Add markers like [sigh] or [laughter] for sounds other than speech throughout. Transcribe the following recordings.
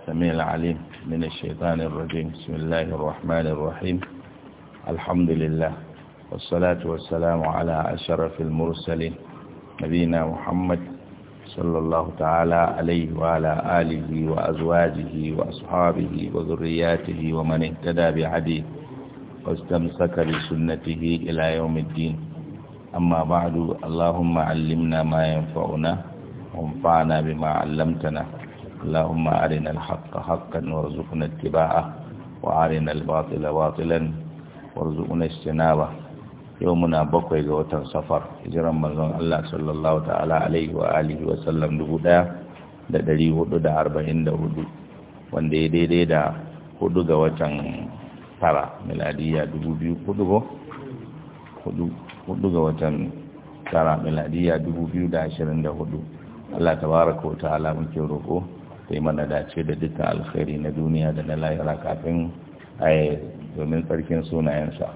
السميع العليم من الشيطان الرجيم بسم الله الرحمن الرحيم الحمد لله والصلاة والسلام على أشرف المرسلين نبينا محمد صلى الله تعالى عليه وعلى آله وأزواجه وأصحابه وذرياته ومن اهتدى بعديه واستمسك بسنته إلى يوم الدين أما بعد اللهم علمنا ما ينفعنا وانفعنا بما علمتنا اللهم أرنا الحق حقا وارزقنا اتباعه وأرنا الباطل باطلا وارزقنا اجتنابه يومنا بقي جوتا سفر هجرا من الله صلى الله تعالى عليه وآله وسلم دبودا da ɗari hudu da arba'in da hudu wanda ya daidai da hudu ga watan tara miladiya dubu biyu hudu ko hudu ga watan tara dubu biyu da ashirin da hudu Allah tabaraka wa ta'ala muke roƙo sai mana dace da duka alkhairi na duniya da na lahira kafin ai domin tsarkin sunayensa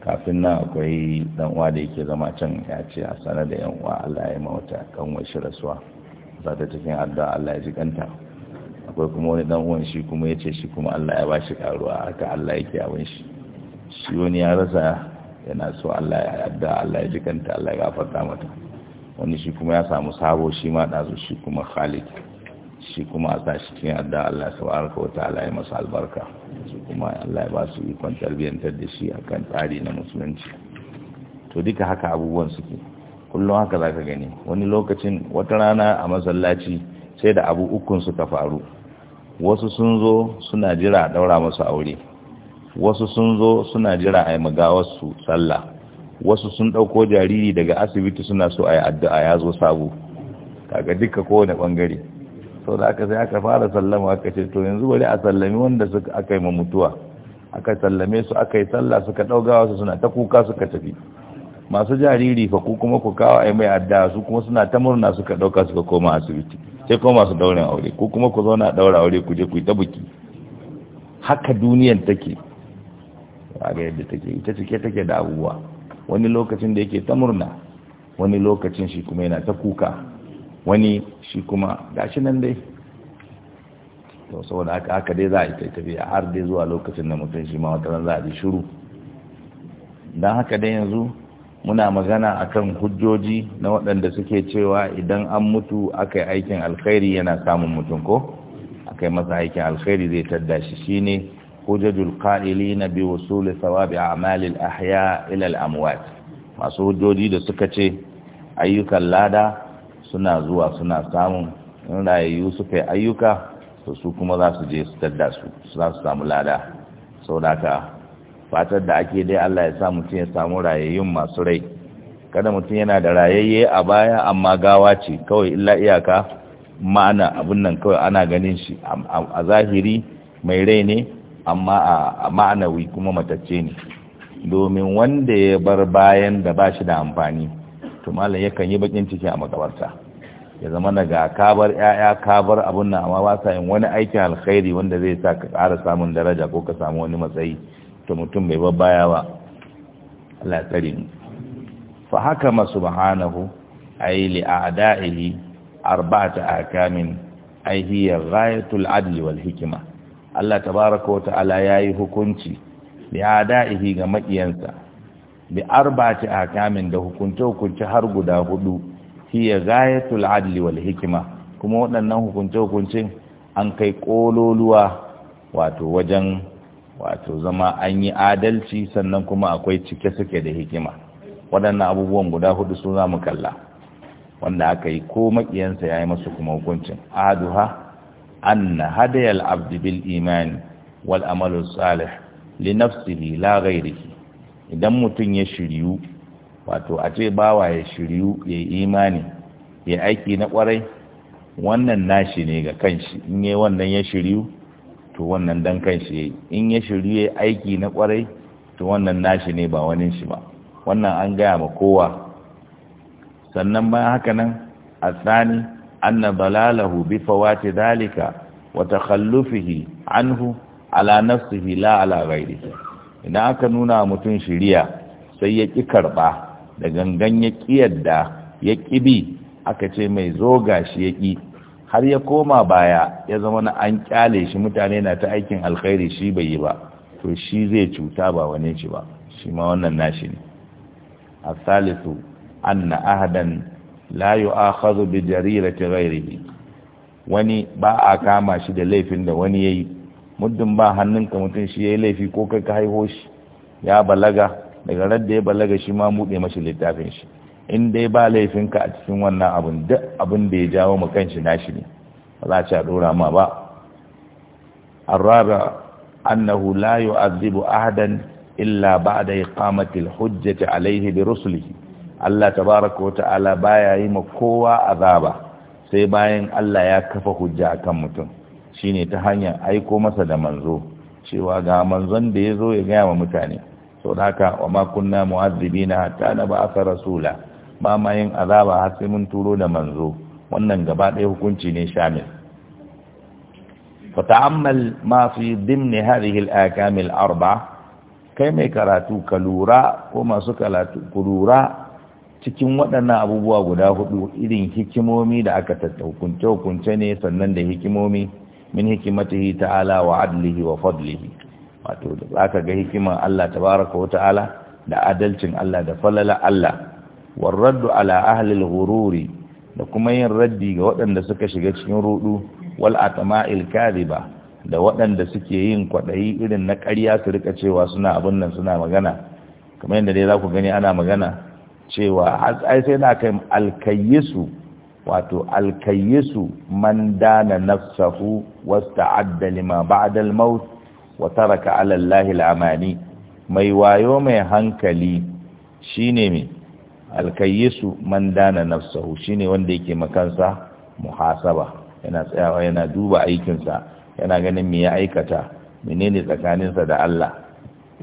kafin na akwai dan uwa da yake zama can ya ce a sanar da yan uwa Allah ya mawata kan shi rasuwa za ta cikin addu'a Allah ya ji kanta akwai kuma wani dan uwan shi kuma ce shi kuma Allah ya bashi karuwa haka Allah ke abin shi shi wani ya rasa yana so Allah ya addu'a Allah ya ji kanta Allah ya gafarta mata wani shi kuma ya samu sabo shi ma ɗazu, shi kuma Khalid shi kuma a sashi cikin adda Allah subhanahu wataala ya masu albarka shi kuma Allah ya ba su ikon tarbiyyantar da shi akan tsari na musulunci to duka haka abubuwan suke kullum haka zaka gani wani lokacin wata rana a masallaci sai da abu ukun suka faru wasu sun zo suna jira daura masu aure wasu sun zo suna jira a yi magawarsu sallah wasu sun ɗauko jariri daga asibiti suna so a yi addu'a ya zo sabo kaga duka kowane bangare sau da aka sai aka fara sallama aka ce to yanzu bari a sallami wanda suka aka yi mamutuwa aka sallame su aka yi sallah suka ɗaugawa su suna ta kuka suka tafi masu jariri fa ku kuma ku kawo a mai adda su kuma suna ta murna suka ɗauka suka koma asibiti sai kuma masu daurin aure ku kuma ku zauna daura aure ku je ku yi ta buki haka duniyan take a ga yadda take ita cike take da abubuwa wani lokacin da yake ta murna wani lokacin shi kuma yana ta kuka wani shi kuma gashi nan dai to saboda haka haka dai za a yi ta tafiya har dai zuwa lokacin da mutum shi ma wata za a yi shiru don haka dai yanzu muna magana akan hujjoji na waɗanda suke cewa idan an mutu aka aikin alkhairi yana samun mutum ko aka yi masa aikin alkhairi zai tadda shi shine hujjajul qa'ilina bi wusuli thawabi a'malil ahya ila al amwat masu hujjoji da suka ce ayyukan lada suna zuwa suna samun in rayayyu suka yi ayyuka to su kuma za su je su tadda su za su samu lada sau da ka fatar da ake dai Allah ya sa mutum ya samu rayayyun masu rai kada mutum yana da rayayye a baya amma gawa ce kawai illa iyaka ma'ana abin nan kawai ana ganin shi a zahiri mai rai ne amma a ma'anawi kuma matacce ne domin wanda ya bar bayan da ba shi da amfani to malam yakan yi bakin ciki a makabarta ya zama na ga kabar yaya kabar abun nan amma ba sa yin wani aikin alkhairi wanda zai sa ka ƙara samun daraja ko ka samu wani matsayi to mutum bai babbaya ba Allah tsare ni fa haka ma subhanahu ay li a'da'ihi arba'ata ahkamin ay hiya ghayatul adli wal hikma Allah tabaaraka wa ta'ala yayi hukunci li a'da'ihi ga makiyansa bi arba'ati ahkamin da hukunce hukunci har guda hudu hiya ghayatul adli wal hikma kuma waɗannan hukunce hukuncin an kai kololuwa wato wajen wato zama an yi adalci sannan kuma akwai cike suke da hikima waɗannan abubuwan guda hudu su za mu kalla wanda aka yi ko makiyansa ya yi masu kuma hukuncin aduha bil iman wal amalu salih li nafsihi la ghayrihi idan mutum ya shiryu wato a ce bawa ya shiryu ya yi imani ya aiki na kwarai wannan nashi ne ga kanshi in yi wannan ya shiryu to wannan dan kanshi ya yi in ya shiryu ya aiki na kwarai to wannan nashi ne ba wani shi ba wannan an gaya ma kowa sannan bayan haka nan a tsani anna balalahu bi fawati dalika wa takhallufihi anhu ala nafsihi la ala ghairihi idan aka nuna mutum shiriya sai ya ƙi karɓa da gangan ya ƙi yadda ya ƙi bi aka ce mai zo shi ya ƙi har ya koma baya ya zama na an ƙyale shi mutane na ta aikin alkhairi shi bai yi ba to shi zai cuta ba wani shi ba shi ma wannan nashi ne a salisu anna ahadan Layu, yu'akhadhu bi jarirati ta wani ba a kama shi da laifin da wani ya yi. muddin ba hannunka mutum shi ya yi laifi ko kai ka haiho shi ya balaga daga radda ya balaga shi ma buɗe mashi littafin shi in dai ba laifinka a cikin wannan abin duk abin da ya jawo mu kanshi nashi ne ba za a ci a ɗora ma ba الرابع أنه لا يعذب أحدا إلا بعد إقامة الحجة عليه برسله الله تبارك وتعالى بايا يما kowa azaba sai bayan Allah ya kafa hujja akan mutum shine ta hanyar aiko masa da manzo cewa ga manzon da ya zo ya gaya wa mutane sau da haka wa makunna mu'azzibi na hatta na ba rasula ba ma yin azaba har sai mun turo da manzo wannan gaba ɗaya hukunci ne shamil fata'ammal ma fi dimni harihil akamil arba kai mai karatu ka lura ko masu karatu ku lura cikin waɗannan abubuwa guda hudu irin hikimomi da aka tattaukunce hukunce ne sannan da hikimomi min hikimatihi ta'ala wa adlihi wa fadlihi wato zaka ga hikiman Allah tabaraka wa ta'ala da adalcin Allah da falala Allah war raddu ala ahli al-ghururi da kuma yin raddi ga waɗanda suka shiga cikin rudu wal atma'il kadhiba da waɗanda suke yin kwaɗayi irin na ƙarya su rika cewa suna abin nan suna magana kamar yadda dai za ku gani ana magana cewa ai sai na kai al-kayyisu wato alkayyisu man dana nafsahu wasta'adda lima ba'da al-maut wa taraka 'ala Allahi mai wayo mai hankali shine mai alkayyisu man dana nafsahu shine wanda yake makansa muhasaba yana tsayawa yana duba aikinsa yana ganin me ya aikata menene tsakaninsa da Allah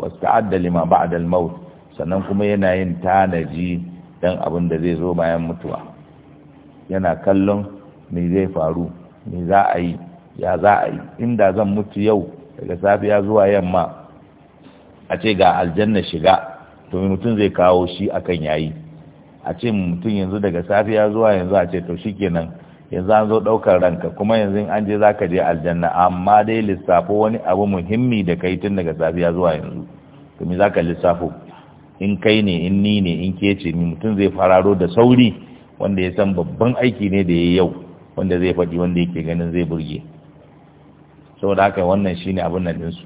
wasta'adda lima ba'da al-maut sannan kuma yana yin tanaji dan abin da zai zo bayan mutuwa yana kallon me zai faru me za a yi ya za a yi inda zan mutu yau daga safiya zuwa yamma a ce ga aljanna shiga to mutum zai kawo shi akan yayi a ce mutum yanzu daga safiya zuwa yanzu a ce to shikenan yanzu an zo ɗaukar ranka kuma yanzu an je za ka je aljanna amma dai lissafo wani abu muhimmi da kai tun daga safiya zuwa yanzu to me za ka lissafo in kai ne in ni ne in ke ce mutum zai fararo da sauri wanda ya san babban aiki ne da ya yau wanda zai faɗi wanda yake ganin zai burge saboda haka wannan shine abin nan ɗinsu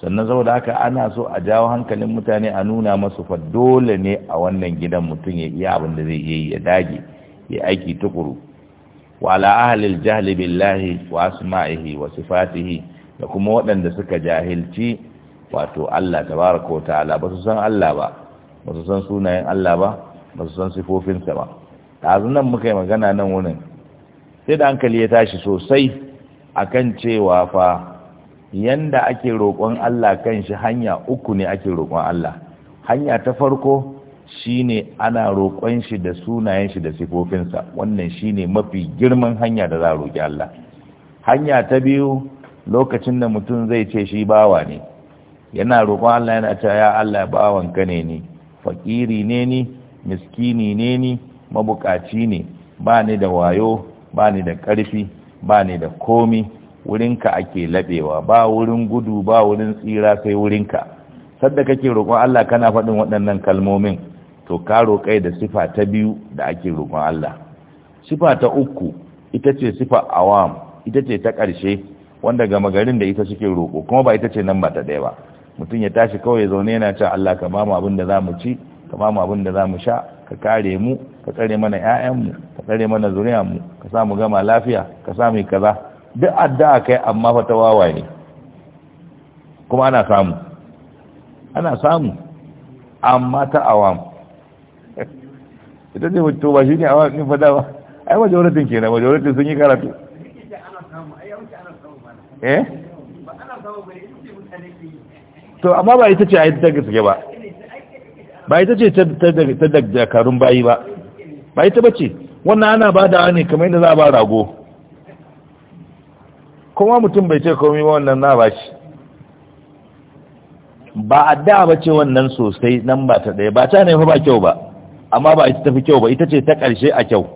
sannan saboda haka ana so a jawo hankalin mutane a nuna masu fa dole ne a wannan gidan mutum ya iya abin da zai yi ya dage ya aiki tukuru wa ala ahlil jahli billahi wa asma'ihi wa sifatihi da kuma waɗanda suka jahilci wato Allah tabaraka wa ta'ala ba su san Allah ba ba su san sunayen Allah ba ba su san sifofinsa ba ɗazu nan muka yi magana nan wurin sai da hankali ya tashi sosai akan cewa fa yanda ake roƙon Allah kan shi hanya uku ne ake roƙon Allah hanya ta farko shine ana roƙon shi da sunayen shi da sifofinsa wannan shine mafi girman hanya da za a roƙi Allah hanya ta biyu lokacin da mutum zai ce shi bawa ne yana roƙon Allah yana cewa ya Allah bawanka ne ni fakiri ne ni miskini ne ni mabukaci ne ba ni da wayo ba ni da ƙarfi ba ni da komi wurinka ake laɓewa ba wurin gudu ba wurin tsira sai wurinka sadda kake roƙon Allah kana faɗin waɗannan kalmomin to ka roƙai da sifa ta biyu da ake roƙon Allah sifa ta uku ita ce sifa awam ita ce ta ƙarshe wanda gama garin da ita suke roƙo kuma ba ita ce nan ba ta ɗaya ba mutum ya tashi kawai zaune yana cewa Allah ka ba mu abin da za mu ci ka ba mu abin da za mu sha ka kare mu ka tsare mana ƴaƴanmu ka tsare mana zuriyarmu ka sa mu gama lafiya ka sa mu kaza duk addu'a kai amma fa ta ne kuma ana samu ana samu amma ta awam [laughs] ita ce wato ba shi ne awam ɗin fada ba ai majoratin ke na majoratin sun yi karatu eh to amma ba ita ce a yi ta gaske ba ba ita ce ta dakarun bayi ba ba ita bace wannan ana ba da ne kamar yadda za a ba rago kuma mutum bai ce komi ba wannan na bashi ba a da ba ce wannan sosai nan ba ta ɗaya ba ta ne ba kyau ba amma ba ita tafi kyau ba ita ce ta ƙarshe a kyau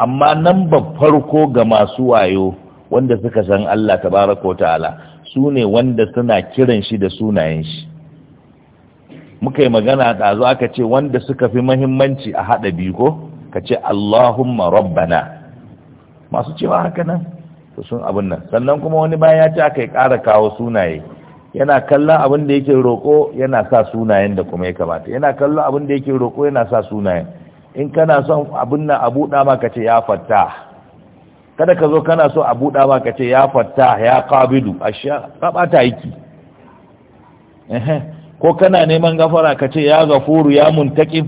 amma nan ba farko ga masu wayo wanda suka san Allah tabaraka wa ta'ala su ne wanda suna kiran shi da sunayen shi muka yi magana ɗazu aka ce wanda suka fi mahimmanci a haɗa biyu ko ka ce Allahumma rabbana masu cewa haka nan to sun abin nan sannan kuma wani bayan ya ce aka yi ƙara kawo sunaye yana kallon abin da yake roƙo yana sa sunayen da kuma ya kamata yana kallon abin da yake roƙo yana sa sunayen in kana son abin nan a buɗa ma ka ce ya fatta kada ka zo kana so a buɗa ma ka ce ya fatta ya qabidu a ka ɓata yiki ko kana neman gafara ka ce ya gafuru ya muntakin,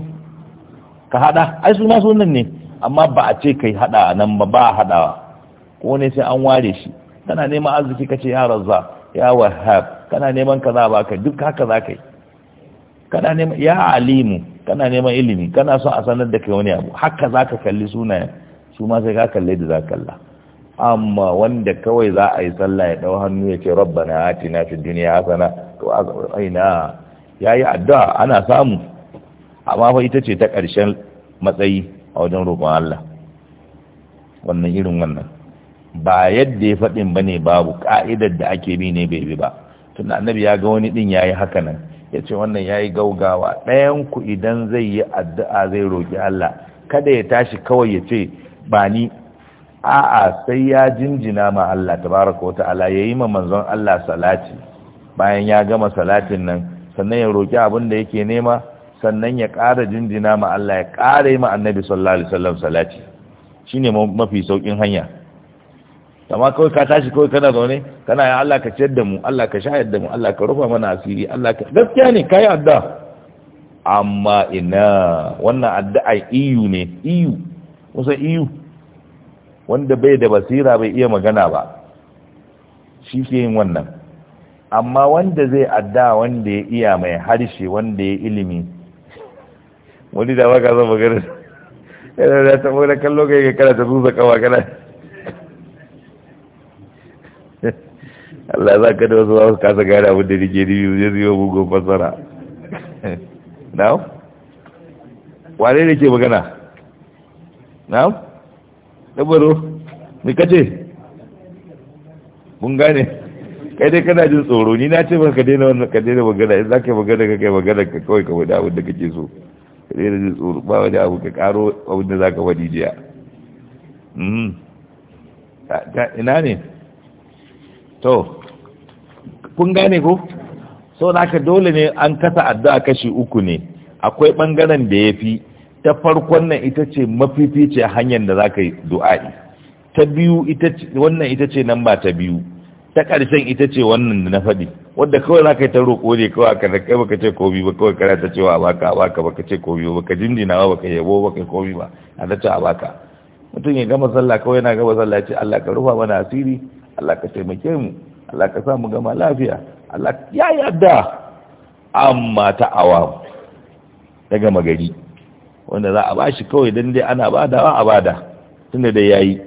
ka hada ai su ma sunan ne amma ba a ce kai hada nan ba ba hadawa ko ne sai an ware shi kana neman arziki ka ce ya razza ya wahhab kana neman kaza ba kai duk haka za kai kana neman ya alimu kana neman ilimi kana son a sanar da kai wani abu haka za ka kalli sunayen su ma sai ka kalle da za kalla amma wanda kawai za a yi sallah ya dau hannu ya ce rabbana atina fid dunya hasana to aina ya yi addu'a ana samu amma fa ita ce ta ƙarshen matsayi a wajen roƙon Allah wannan irin wannan ba yadda ya faɗin ba ne babu ƙa'idar da ake bi ne bai bi ba tun annabi ya ga wani ɗin ya yi haka nan ya ce wannan ya yi gaugawa ku idan zai yi addu'a zai roƙi Allah kada ya tashi kawai ya ce ba ni a'a sai ya jinjina ma Allah tabaraka wa ta'ala yi ma manzon Allah salati bayan ya gama salatin nan sannan ya roƙi abin da yake nema sannan ya ƙara jinjina ma Allah ya ƙara yi ma annabi sallallahu alaihi wasallam salati shine mafi saukin hanya amma kawai ka tashi kawai kana zaune kana ya Allah ka ciyar da mu Allah ka shayar da mu Allah ka rufa mana asiri Allah ka gaskiya ne kai addu'a amma ina wannan addu'a iyu ne iyu musa iyu wanda bai da basira bai iya magana ba shi ke yin wannan amma wanda zai adda wanda ya iya mai harshe wanda ya ilimi wani da waka zan magana yana da ta magana kallo kai ga kana ta zuza kawa kana Allah za ka da wasu wasu kasa gane abin da nike ni zai yau bugun fasara na'am wane ne ke magana na'am ɗabaro mai kace mun gane kai dai kana jin tsoro ni na ce baka daina wannan ka daina magana in zaka magana ka kai magana ka kawai ka wani abin da kake so ka daina jin tsoro ba wani abu ka karo abin da zaka wani jiya mm-hmm. ina ne to kun gane ko so naka dole ne an kasa addu'a kashi uku ne akwai bangaren da ya fi ta farkon nan ita ce mafifice hanyar da za ka yi du'a'i ta biyu ita ce wannan ita ce nan ba ta biyu ta ƙarshen ita ce wannan da na faɗi wadda kawai za ka yi ta roƙo ne kawai aka da kai baka ce komi ba kawai kana ta cewa a baka a baka baka ce komi ba baka jinjina ba baka yabo baka komi ba a ta ce a baka mutum ya gama sallah kawai yana gama sallah ce Allah ka rufa mana asiri Allah ka taimake mu Allah ka sa mu gama lafiya Allah ya yadda amma ta awa ta gama gari wanda za a bashi kawai dan dai ana badawa a bada tunda dai yayi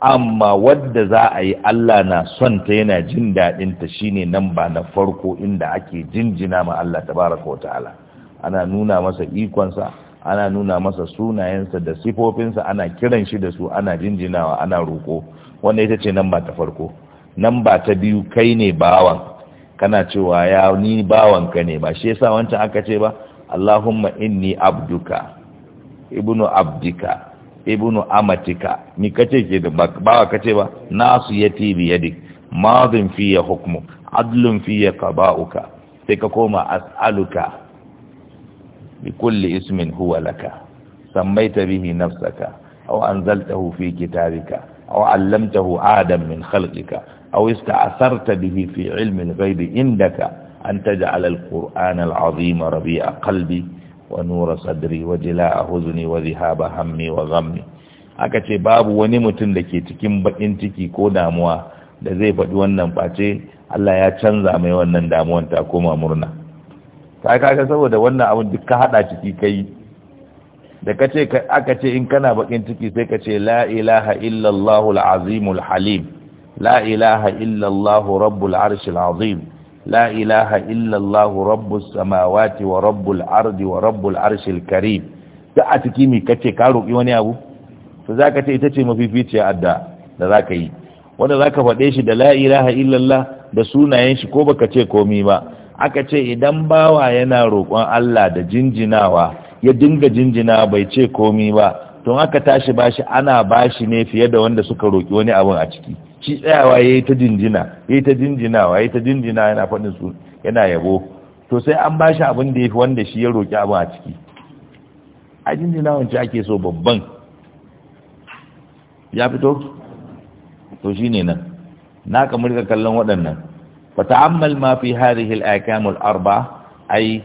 amma wadda za a yi Allah na son ta yana jin daɗin ta shine nan ba na farko inda ake jinjina ma Allah tabaraka wa ta'ala ana nuna masa ikonsa ana nuna masa sunayensa da sifofinsa ana kiran shi da su ana jinjinawa ana roƙo wanda ita ce nan ba ta farko nan ba ta biyu kai ne bawan kana cewa ya ni bawan ka ne ba shi yasa wancan aka ce ba Allahumma inni abduka ibnu abdika ibnu amatika ni kace ke da ba kace ba nasu yati bi yadik madin fiya hukmu adlun fiya qada'uka sai ka koma as'aluka bi kulli ismin huwa laka sammaita bihi nafsaka aw anzaltahu fi kitabika aw 'allamtahu adam min khalqika aw ista'sarta bihi fi 'ilmi al-ghaibi indaka an taj'ala al-qur'ana al-'azima rabi'a qalbi ونور صدري وجلاء حزني وذهاب همي وغمي aka ce babu wani mutum da ke cikin bakin ciki ko damuwa da zai faɗi wannan face Allah ya canza mai wannan damuwan ta koma murna ta kaga saboda wannan abin duk ka hada ciki kai da kace aka ce in kana bakin ciki sai ka ce la ilaha illallah al al-halim la ilaha illallah rabbul arshil azim la ilaha إلا الله samawati wa rabbul الأرض wa rabbul الكريم تأتكي مي a ciki mi kace ka roki wani abu to zaka ce ita ce mafificiya adda wanda zaka faɗe shi da la ilaha illallah da sunayen shi ko baka ce komi ba aka ce idan bawa yana roƙon Allah da jinjinawa ya dinga jinjina bai ce komi ba Tun aka tashi bashi ana bashi ne fiye da wanda suka roƙi wani abun a ciki shi tsayawa ya yi ta jinjina ya yi ta jinjinawa ya yi ta jinjina yana faɗin su yana yabo to sai an ba shi abin da ya fi wanda shi ya roƙi abin a ciki a jinjina wance ake so babban ya fito to shi ne nan na ka murka kallon waɗannan ta ta'ammal ma fi hari hil ahkam al-arba ay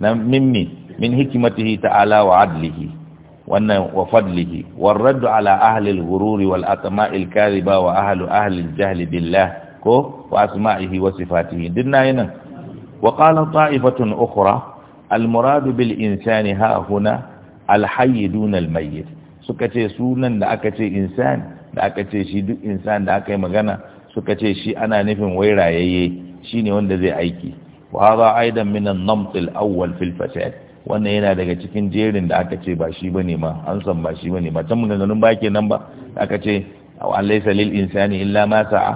na mimmi min hikimatihi ta'ala wa adlihi wannan wa fadlihi warraddu ala ahli al-ghururi wal atma'il kadhiba wa ahli ahli al-jahli billah ko wa asma'ihi wa sifatihi din nan wa qala ta'ifatun ukhra al muradu bil insani ha huna al-hayy dun al-mayyit suka ce sunan da aka ce insani da aka ce shi duk insani da aka yi magana suka ce shi ana nufin wai rayayye shine wanda zai aiki wa hadha aidan min an-namt al wannan yana daga cikin jerin da aka ce ba shi bane ma an san ba shi bane ma can maganganun ba kenan ba aka ce aw laysa lil insani illa ma sa'a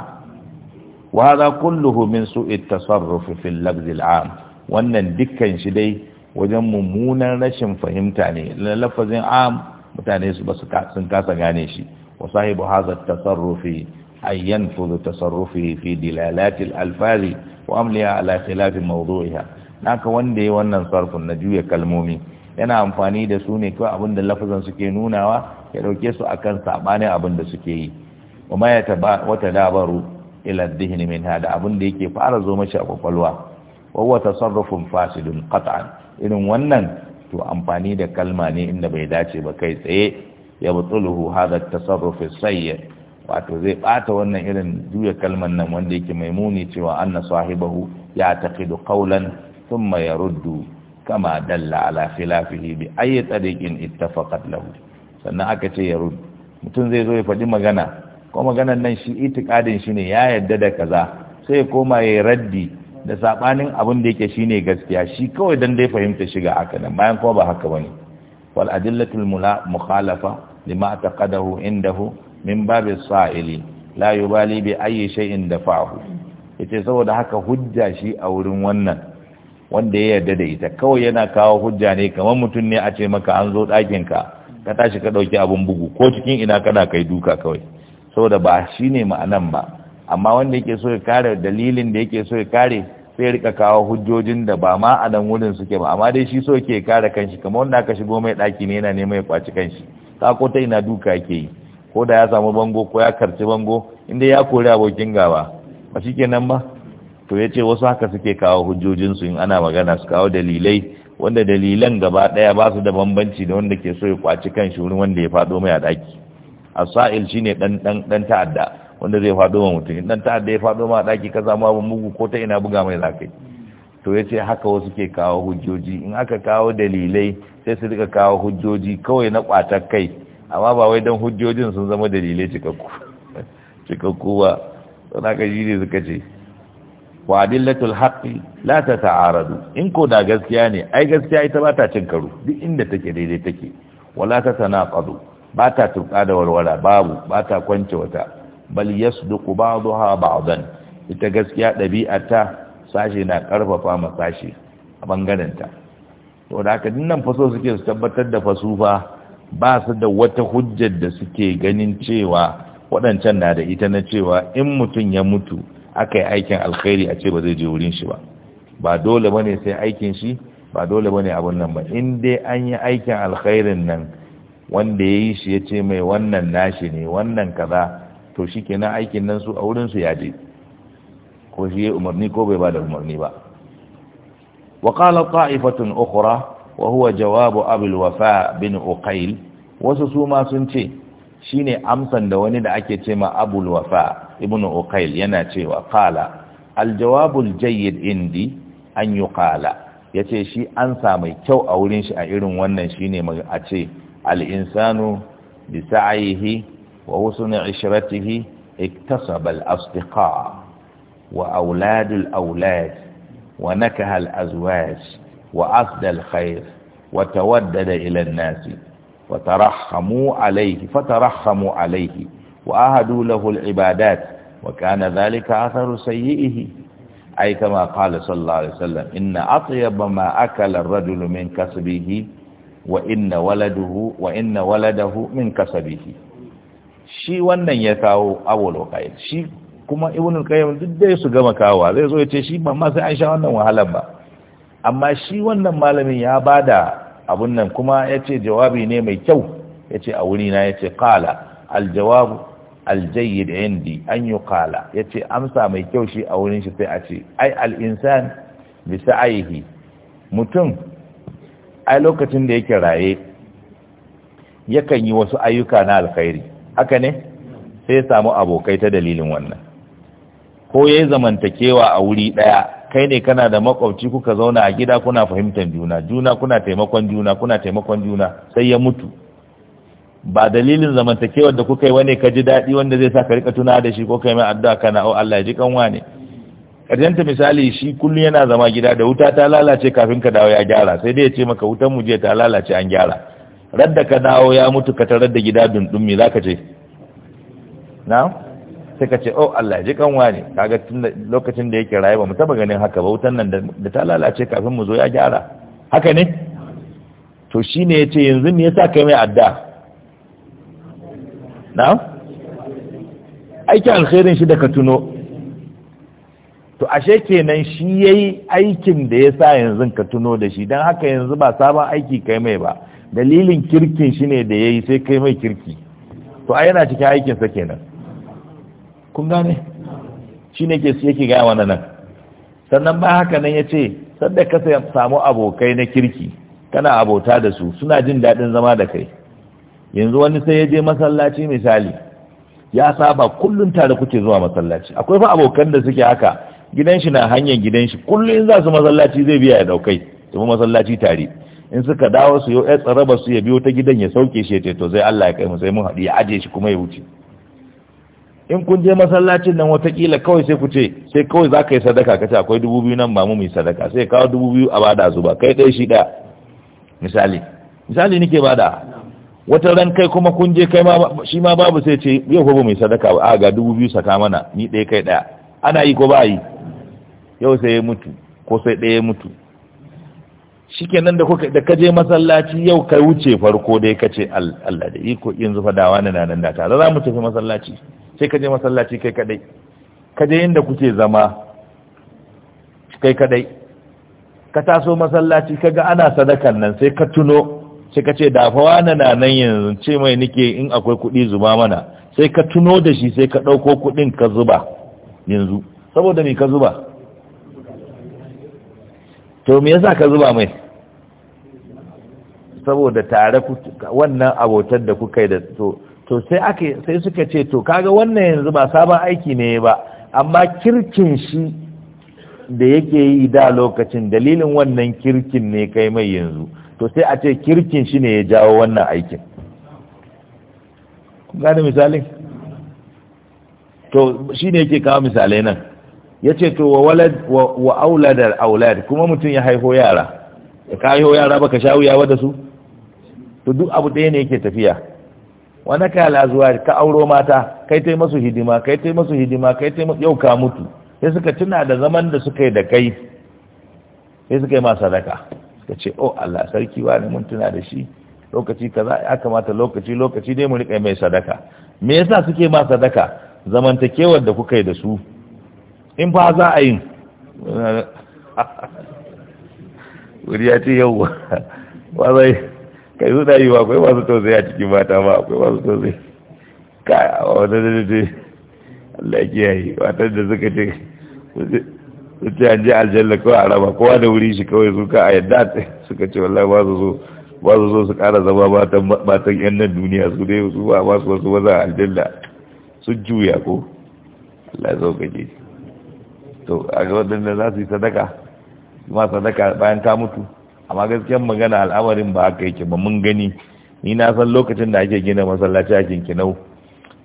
wa hadha kulluhu min su'i at-tasarruf fil lafz al-am wannan dukkan shi dai wajen mummunan rashin fahimta ne lafazin am mutane su ba sun kasa gane shi wa sahibu hadha at-tasarrufi ay yanfudhu tasarrufi fi dilalatil alfazi wa amliya ala khilafi mawdu'iha naka wanda ya wannan sarfin na juya kalmomi yana amfani da su ne kawai abin da lafazan suke nunawa ya dauke su akan sabanin abin da suke yi wa ma wata dabaru ila dhihni min hada abin da yake fara zo mashi a kwakwalwa wa huwa tasarrufun fasidun qat'an irin wannan to amfani da kalma ne inda bai dace ba kai tsaye ya butuluhu hada at-tasarruf sayyi wato zai bata wannan irin juya kalman nan wanda yake mai muni cewa anna sahibahu ya taqidu qawlan thumma yaruddu kama dalla ala khilafihi bi ayi tariqin ittafaqat lahu sannan aka ce yarud mutum zai zo ya faɗi magana ko maganar nan shi itikadin shi ne ya yarda da kaza sai ya koma ya raddi da sabanin abin da yake shine gaskiya shi kawai dan dai fahimta shiga haka nan bayan kuma ba haka bane wal adillatul mukhalafa lima taqadahu indahu min babin sa'ili la yubali bi ayi shay'in dafa yace saboda haka hujja shi a wurin wannan wanda ya yarda da ita kawai yana kawo hujja ne kamar mutum ne a ce maka an zo ɗakin ka ka tashi ka ɗauki abin bugu ko cikin ina kana kai duka kawai saboda ba shi ne ma'anan ba amma wanda yake so ya kare dalilin da yake so ya kare sai rika kawo hujjojin da ba ma a nan wurin suke ba amma dai shi so ke kare kanshi kamar wanda aka shigo mai ɗaki ne yana neman ya kwaci kanshi ka ko ta ina duka yake yi ko da ya samu bango ko ya karci bango inda ya kori abokin gaba ba shi kenan ba to ya ce wasu haka suke kawo hujjojinsu in ana magana su kawo dalilai wanda dalilan gaba ɗaya ba su da bambanci da wanda ke so ya kwaci kan shi wanda ya faɗo mai a ɗaki asa'il shine dan dan dan ta'adda wanda zai faɗo ma mutum in dan ta'adda ya faɗo ma a ɗaki ka samu abin mugu ko ta ina buga mai zakai to ya ce haka wasu ke kawo hujjoji in aka kawo dalilai sai su rika kawo hujjoji kawai na kwatar kai amma ba wai don hujjojin sun zama dalilai cikakku cikakku ba suna ka ne suka ce wa adillatul haqqi la tata'aradu in ko da gaskiya ne ai gaskiya ita ba ta cin karo duk inda take daidai take wala ta tanaqadu ba ta tuka da warwara babu ba ta kwance wata bal yasduqu ba'daha ba'dan ita gaskiya ta. sashe na karfafa ma sashe a bangaren ta to da haka dinnan faso suke su tabbatar da fasufa ba su da wata hujjar da suke ganin cewa waɗancan na da ita na cewa in mutum ya mutu aka yi aikin alkhairi a ce ba zai je wurin shi ba ba dole ba ne sai aikin shi ba dole ba ne abin nan ba in dai an yi aikin alkhairin nan wanda ya yi shi ya ce mai wannan nashi ne wannan kaza to shi kenan aikin nan su a wurin su je ko shi ya umarni ko bai ba da umarni ba wa qala ta'ifatun ukhra وهو جواب أبي الوفاء بن أقيل وسسوما سنتي شيني أمسا دواني دا أكيتما أبو الوفاء ابن أقيل يناتي وقال الجواب الجيد عندي أن يقال yace shi an samu kyau a wurin shi a irin wannan shine a ce al’insanu bi sa'ihi wa husni 'ishratihi iktasaba al-asdiqa wa auladul aulad wa nakaha al-azwaj وأسدى الخير وتودد إلى الناس وترحموا عليه فترحموا عليه وأهدوا له العبادات وكان ذلك أثر سيئه أي كما قال صلى الله عليه وسلم إن أطيب ما أكل الرجل من كسبه وإن ولده وإن ولده من كسبه shi wannan ya kawo awolo qayyim shi kuma ibnul qayyim duk dai su gama kawo zai zo ya ce shi ba ma sai an sha wannan wahalar ba amma shi wannan malamin ya bada abun nan kuma ya ce jawabi ne mai kyau ya ce a wurina ya ce kala aljawabu aljayyid indi an yi kala ya ce amsa mai kyau shi a wurin shi sai a ce ai al'insan bisa aihi mutum ai lokacin da yake raye yakan yi wasu ayyuka na alkhairi haka ne sai ya samu abokai ta dalilin wannan ko ya yi zamantakewa a wuri ɗaya kai ne kana da makwabci kuka zauna a gida kuna fahimtar juna juna kuna taimakon juna kuna taimakon juna sai ya mutu ba dalilin zamantakewar da kuka yi wani ka ji daɗi wanda zai sa ka rika tuna da shi ko kai mai addu'a kana o oh, Allah ya ji kanwa ne ta misali shi kullum yana zama gida da wuta ta lalace kafin ka dawo ya gyara sai dai ya ce maka wutan mu je ta lalace an gyara radda ka dawo ya mutu ka tarar da gida dundun me zaka ce na'am sai ka ce oh Allah ji kanwa ne kaga tun lokacin da yake rayuwa mu taba ganin haka ba wutan nan da ta lalace kafin mu zo ya gyara haka ne to shine yace yanzu me yasa kai mai adda na'am aikin alkhairin shi da ka tuno to ashe kenan shi yayi aikin da yasa yanzu ka tuno da shi dan haka yanzu ba sabon aiki kai mai ba dalilin kirkin shi da yayi sai kai mai kirki to ai yana cikin aikin sa kenan kun gane shi ne yake gaya wani nan sannan ba haka nan ya ce sadda ka samu abokai na kirki kana abota da su suna jin daɗin zama da kai yanzu wani sai ya je masallaci misali ya saba kullum tare kuke zuwa masallaci akwai fa abokan da suke haka gidan shi na hanyar gidan shi kullum in za su masallaci zai biya ya daukai tafi masallaci tare in suka dawo su yau eh, ya tsaraba su ya biyo ta gidan ya sauke shi ya ce to zai Allah ya kai mu sai mun haɗu ya ajiye shi kuma ya wuce in kun je masallacin nan watakila kawai sai ku ce sai kawai za ka yi sadaka ka ce akwai dubu biyu nan ba mu mai sadaka sai kawo dubu biyu a bada zuba kai ɗaya shi ɗaya misali misali nike bada wata ran kai kuma kun je kai ma shi ma babu sai ce yau ko ba mai sadaka ba a ga dubu biyu saka mana ni ɗaya kai ɗaya ana yi ko ba yi yau sai ya mutu ko sai ɗaya ya mutu kenan da kuka da ka je masallaci yau ka wuce farko dai ka ce Allah da iko yanzu fa dawa na nan da ta za mu tafi masallaci sai ka je masallaci kai kadai ka je inda kuke zama kai kadai ka taso masallaci kaga ana sadakan nan sai ka tuno sai ka ce dafawa na na nan yanzu ce mai nike in akwai kuɗi zuba mana sai ka tuno da shi sai ka ɗauko kuɗin ka zuba yanzu saboda me ka zuba to me yasa ka zuba mai saboda tare wannan abotar da kuka yi da to to sai suka ce to kaga wannan yanzu ba sabon aiki ne ba amma kirkin shi da yake yi da lokacin dalilin wannan kirkin ne kai mai yanzu to sai a ce kirkin shi ne ya jawo wannan aikin gane misalin to shi ne yake kawo misalai nan ya ce to wa auladar aulad kuma mutum ya haifo yara ya kayo yara baka sha wuya da su to duk abu ɗaya ne yake tafiya wa naka al ka auro mata kai tai masu hidima kai tai masu hidima kai tai yau ka mutu sai suka tuna da zaman da suka yi da kai sai suka yi ma sadaka suka ce oh Allah sarki wani mun tuna da shi lokaci kaza ya kamata lokaci lokaci dai mu rika mai sadaka me yasa suke ma sadaka zamantakewar da kuka yi da su in ba za a yi [laughs] wuri ya ce yau [laughs] wa zai kai suna yi akwai masu tausayi a cikin mata ma akwai masu tausayi ka a wata da ta Allah kiyaye wata da suka ce suke an je aljanna kawai a raba kowa da wuri shi kawai suka a yadda suka ce wallahi ba su so ba su so su kara zama matan yan nan duniya su dai su ba masu wasu maza aljanna su juya ko Allah zo gaje to a ga waɗanda za su yi sadaka ma sadaka bayan ta mutu amma gaskiyar magana al'amarin ba haka yake ba mun gani ni na san lokacin da ake gina masallaci a kinkinau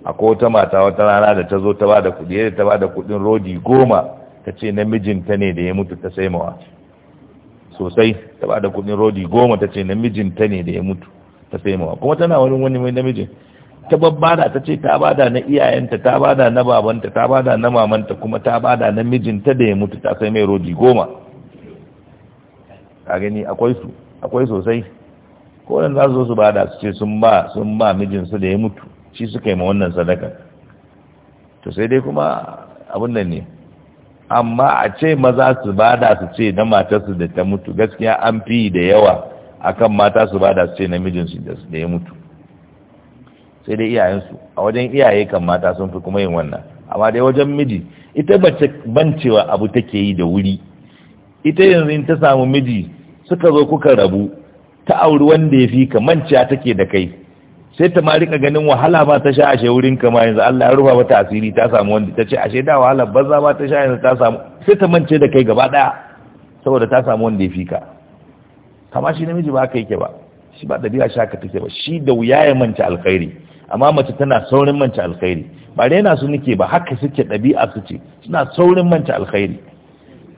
akwai wata mata wata rana da ta zo ta bada kuɗi yadda ta bada kuɗin rodi goma ta ce namijinta ne da ya mutu ta sai mawa sosai ta bada kuɗin rodi goma ta ce namijinta ne da ya mutu ta sai mawa kuma tana wani wani mai namijin ta babbada ta ce ta bada na iyayenta ta bada na babanta ta bada na mamanta kuma ta bada na mijinta da ya mutu ta sai mai rodi goma a gani akwai su akwai sosai ko wanda za su zo su bada su ce sun ba sun ba mijinsu da ya mutu shi suka yi ma wannan sadaka to sai dai kuma abin nan ne amma a ce maza su bada su ce na matarsu da ta mutu gaskiya an fi da yawa akan mata su bada su ce na mijinsu da ya mutu sai dai iyayensu a wajen iyaye kan mata sun fi kuma yin wannan amma dai wajen miji ita bace bancewa abu take yi da wuri ita yanzu in ta samu miji suka zo kuka rabu ta auri wanda ya fi ka manciya take da kai sai ta mari rika ganin wahala ba ta sha ashe wurin ka ma yanzu Allah ya rufa mata asiri ta samu wanda ta ce ashe da wahala banza ba ta sha yanzu ta samu sai ta mance da kai gaba daya saboda ta samu wanda ya fi ka kama shi namiji ba haka yake ba shi ba dabi'a shi haka take ba shi da wuya ya mance alkhairi amma mace tana saurin mance alkhairi ba daina su nike ba haka suke dabi'a su ce suna saurin mance alkhairi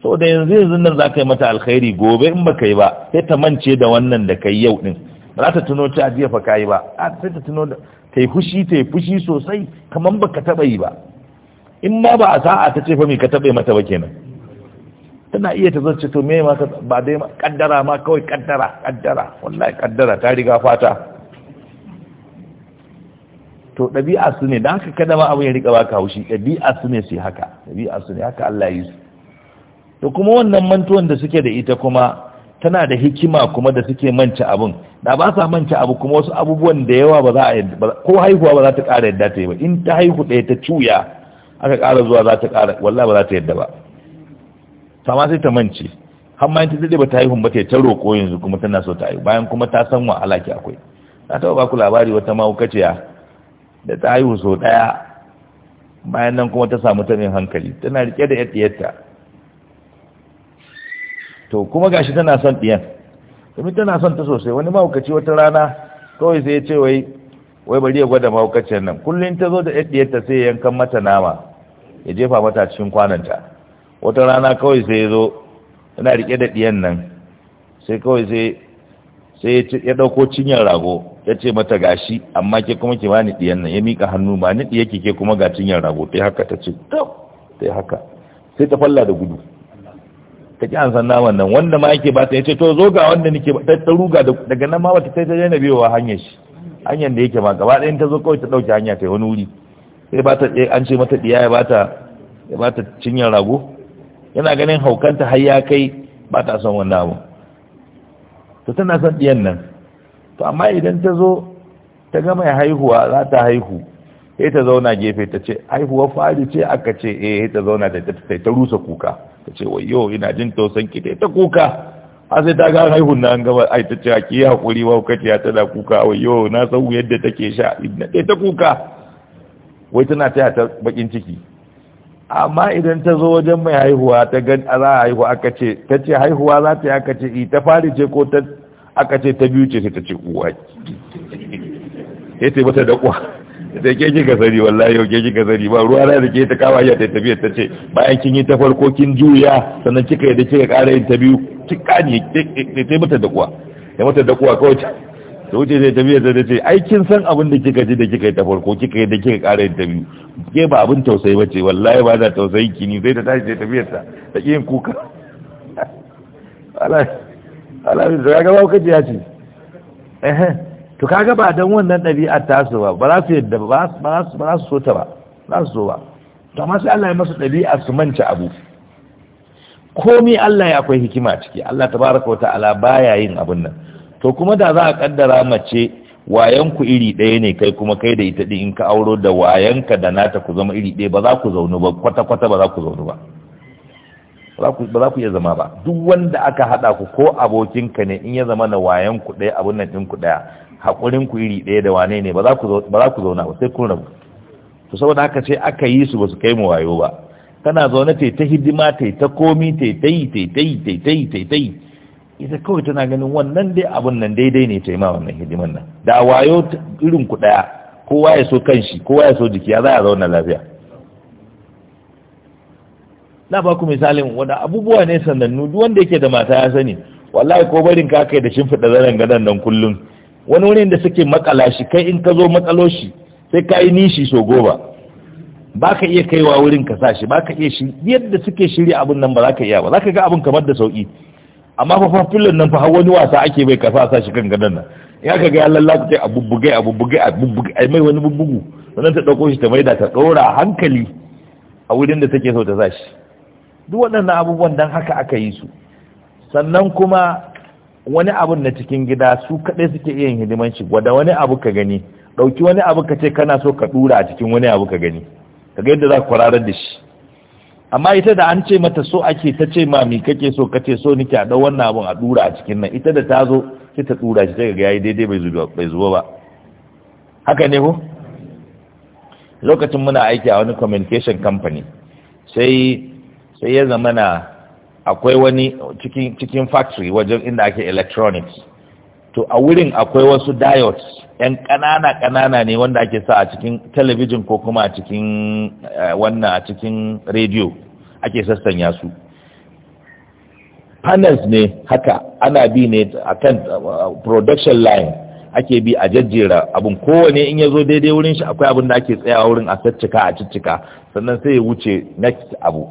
sau da yanzu yanzu nan za ka yi mata alkhairi gobe in ba ka yi ba sai ta mance da wannan da ka yi yau ɗin ba za ta tuno ta jiya fa ka yi ba a sai ta tuno ta yi fushi ta yi fushi sosai kamar ba ka taɓa yi ba in ma ba a sa'a ta ce fa me ka taɓa mata ba kenan tana iya ta zance to me ma ba dai kaddara ma kawai kaddara kaddara wallahi kaddara ta riga fata to ɗabi'a su ne da haka kada ma abin ya riƙa baka haushi ɗabi'a su ne su haka ɗabi'a su ne haka Allah ya yi su to kuma wannan mantuwan da suke da ita kuma tana da hikima kuma da suke manci abin da ba sa manci abu kuma wasu abubuwan da yawa ba za a ko haihuwa ba za ta ƙara yadda ta yi ba in ta haihu ɗaya ta cuya aka ƙara zuwa za ta ƙara wallah ba za ta yadda ba sama sai ta mance har ma ta daɗe ba ta haihu ba ta roƙo yanzu kuma tana so ta haihu bayan kuma ta san wahala alaki akwai na taɓa ba ku labari wata mahaukaciya da ta haihu sau ɗaya bayan nan kuma ta samu tanin hankali tana riƙe da yadda to kuma gashi tana son ɗiyan domin tana son ta sosai wani mahaukaci wata rana kawai sai ya ce wai wai bari ya gwada mahaukaciyar nan kullum ta zo da ɗiyarta sai ya yankan mata nama ya jefa mata cikin kwananta wata rana kawai sai ya zo yana riƙe da ɗiyan nan sai kawai sai sai ya ɗauko cinyar rago ya ce mata gashi amma ke kuma ke bani ɗiyan nan ya miƙa hannu ba ni ɗiya ke kuma ga cinyar rago ta haka ta ce ta haka sai ta falla da gudu ta ki an san naman nan wanda ma yake ba ta yace to zo ga wanda nake ba ta ruga daga nan ma ba ta ta daina biyowa hanyar shi hanyar da yake ma gaba ɗayan ta zo kawai ta ɗauki hanya ta wani wuri sai ba ta eh, an ce mata diya ya ba ta ya ba ta cinyar rago yana ganin haukanta har ya kai ba ta son wanda abu to tana son diyan nan to amma idan ta zo ta gama haihuwa za ta haihu sai ta zauna gefe ta ce haihuwar fari ce aka ce eh ta zauna da ta ta rusa kuka ta ce wayo ina jin tausan ki ta kuka har sai ta ga haihun na an gaba ai ta ce ki hakuri wa kace ya tana kuka wayo na san yadda take sha ibna ta kuka wai tana taya ta bakin ciki amma idan ta zo wajen mai haihuwa ta ga za a haihu aka ce ta ce haihuwa za ta yi aka ce eh, ta fari ce ko ta aka ce ta biyu ce sai ta ce uwa ya ce bata da uwa sai ke kika sani wallahi yau ke kika sani ba ruwa na da ke ta kama ya ta tafiya ta ce bayan kin yi ta farko kin juya sannan kika da kika kara yin ta biyu kika ne ta mata da kuwa ta mata da kuwa kawai ta wuce sai tafiya ta ce ai kin san abin da kika ji da kika yi ta farko kika da kika kara yin ta biyu ke ba abin tausayi ba ce wallahi ba za tausayi ki ni sai ta tashi ta tafiya ta ta yin kuka alamin da ya gaba kaji ya ce to kaga ba dan wannan ɗabi'ar su ba ba za su yadda ba ba za su so ta ba za su so ba to amma sai Allah ya masa dabi'a su manta abu komai Allah ya akwai hikima ciki Allah tabaraka wata'ala baya yin abun nan to kuma da za a kaddara mace wayan ku iri ɗaya ne kai kuma kai da ita din in ka auro da wayan ka da nata ku zama iri ɗaya ba za ku zaunu ba kwata-kwata ba za ku zaunu ba ba za ku iya zama ba duk wanda aka haɗa ku ko abokin ka ne in ya zama na wayan ku ɗaya abun nan ɗin ku ɗaya haƙurin ku iri ɗaya da wane ne ba za ku zauna ba sai kun rabu to saboda haka sai aka yi su ba su kai mu wayo ba kana zaune ta ta hidima ta ta komi ta ta yi ta ta yi ta ta yi ta ta yi ita kawai tana ganin wannan dai abun nan daidai ne ta yi ma wannan hidiman nan da wayo irin ku ɗaya kowa ya so kanshi kowa ya so jiki ya za a zauna lafiya na ba ku misalin wanda abubuwa ne sanannu duk wanda yake da mata ya sani wallahi ko barin ka kai da shimfiɗa zaren gadan nan kullum wani wurin da suke makala shi kai in ka zo matsaloshi sai ka yi nishi so goma ba ka iya kaiwa wurin ka sa ba ka iya shi yadda suke shirya abin nan ba za ka iya ba za ka ga abin kamar da sauki amma fa fafilin nan fa har wani wasa ake bai kasa sa kan gadon nan ya ka ga ya lallaka kai a bubbugai a a ai mai wani bubbugu sannan ta dauko shi ta maida ta dora hankali a wurin da take so ta sa shi duk waɗannan abubuwan dan haka aka yi su sannan kuma wani abu na cikin gida su kaɗai suke iya hidiman shi gwada wani abu ka gani ɗauki wani abu ka ce kana so ka ɗura a cikin wani abu ka gani ka ga yadda za ka kwararar da shi amma ita da an ce mata so ake ta ce ma mi kake so ka ce so nike a ɗau wannan abun a ɗura a cikin nan ita da ta zo sai ta ɗura shi ga yayi daidai bai zuba ba haka ne ko lokacin muna aiki a wani communication company sai sai ya zama na akwai wani cikin cikin factory wajen inda ake electronics to a wurin akwai wasu diodes yan kanana kanana ne wanda ake sa a cikin television ko kuma a cikin eh, wannan a cikin radio ake sassanya su panels ne haka ana bi ne a kan eh, production line ake bi a jajjera abin kowane in ya zo daidai wurin shi akwai abin da ake tsayawa wurin a saccika a ciccika sannan sai ya wuce next abu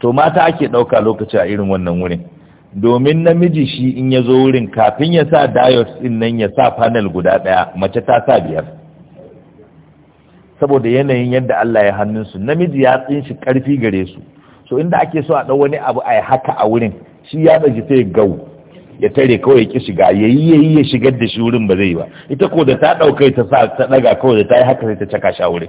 to mata ake ɗauka lokaci a irin wannan wurin domin namiji shi in ya zo wurin kafin ya sa diodes din nan ya sa panel guda ɗaya mace ta sa biyar saboda yanayin yadda Allah ya hannunsu namiji ya shi ƙarfi gare su so inda ake so a ɗau wani abu a haka a wurin shi ya ɗauki sai gau ya tare kawai ki shiga ya yi ya yi ya shigar da shi wurin ba zai yi ba ita ko da ta ɗauka ta sa ta ɗaga kawai da ta yi haka sai ta caka shi a wurin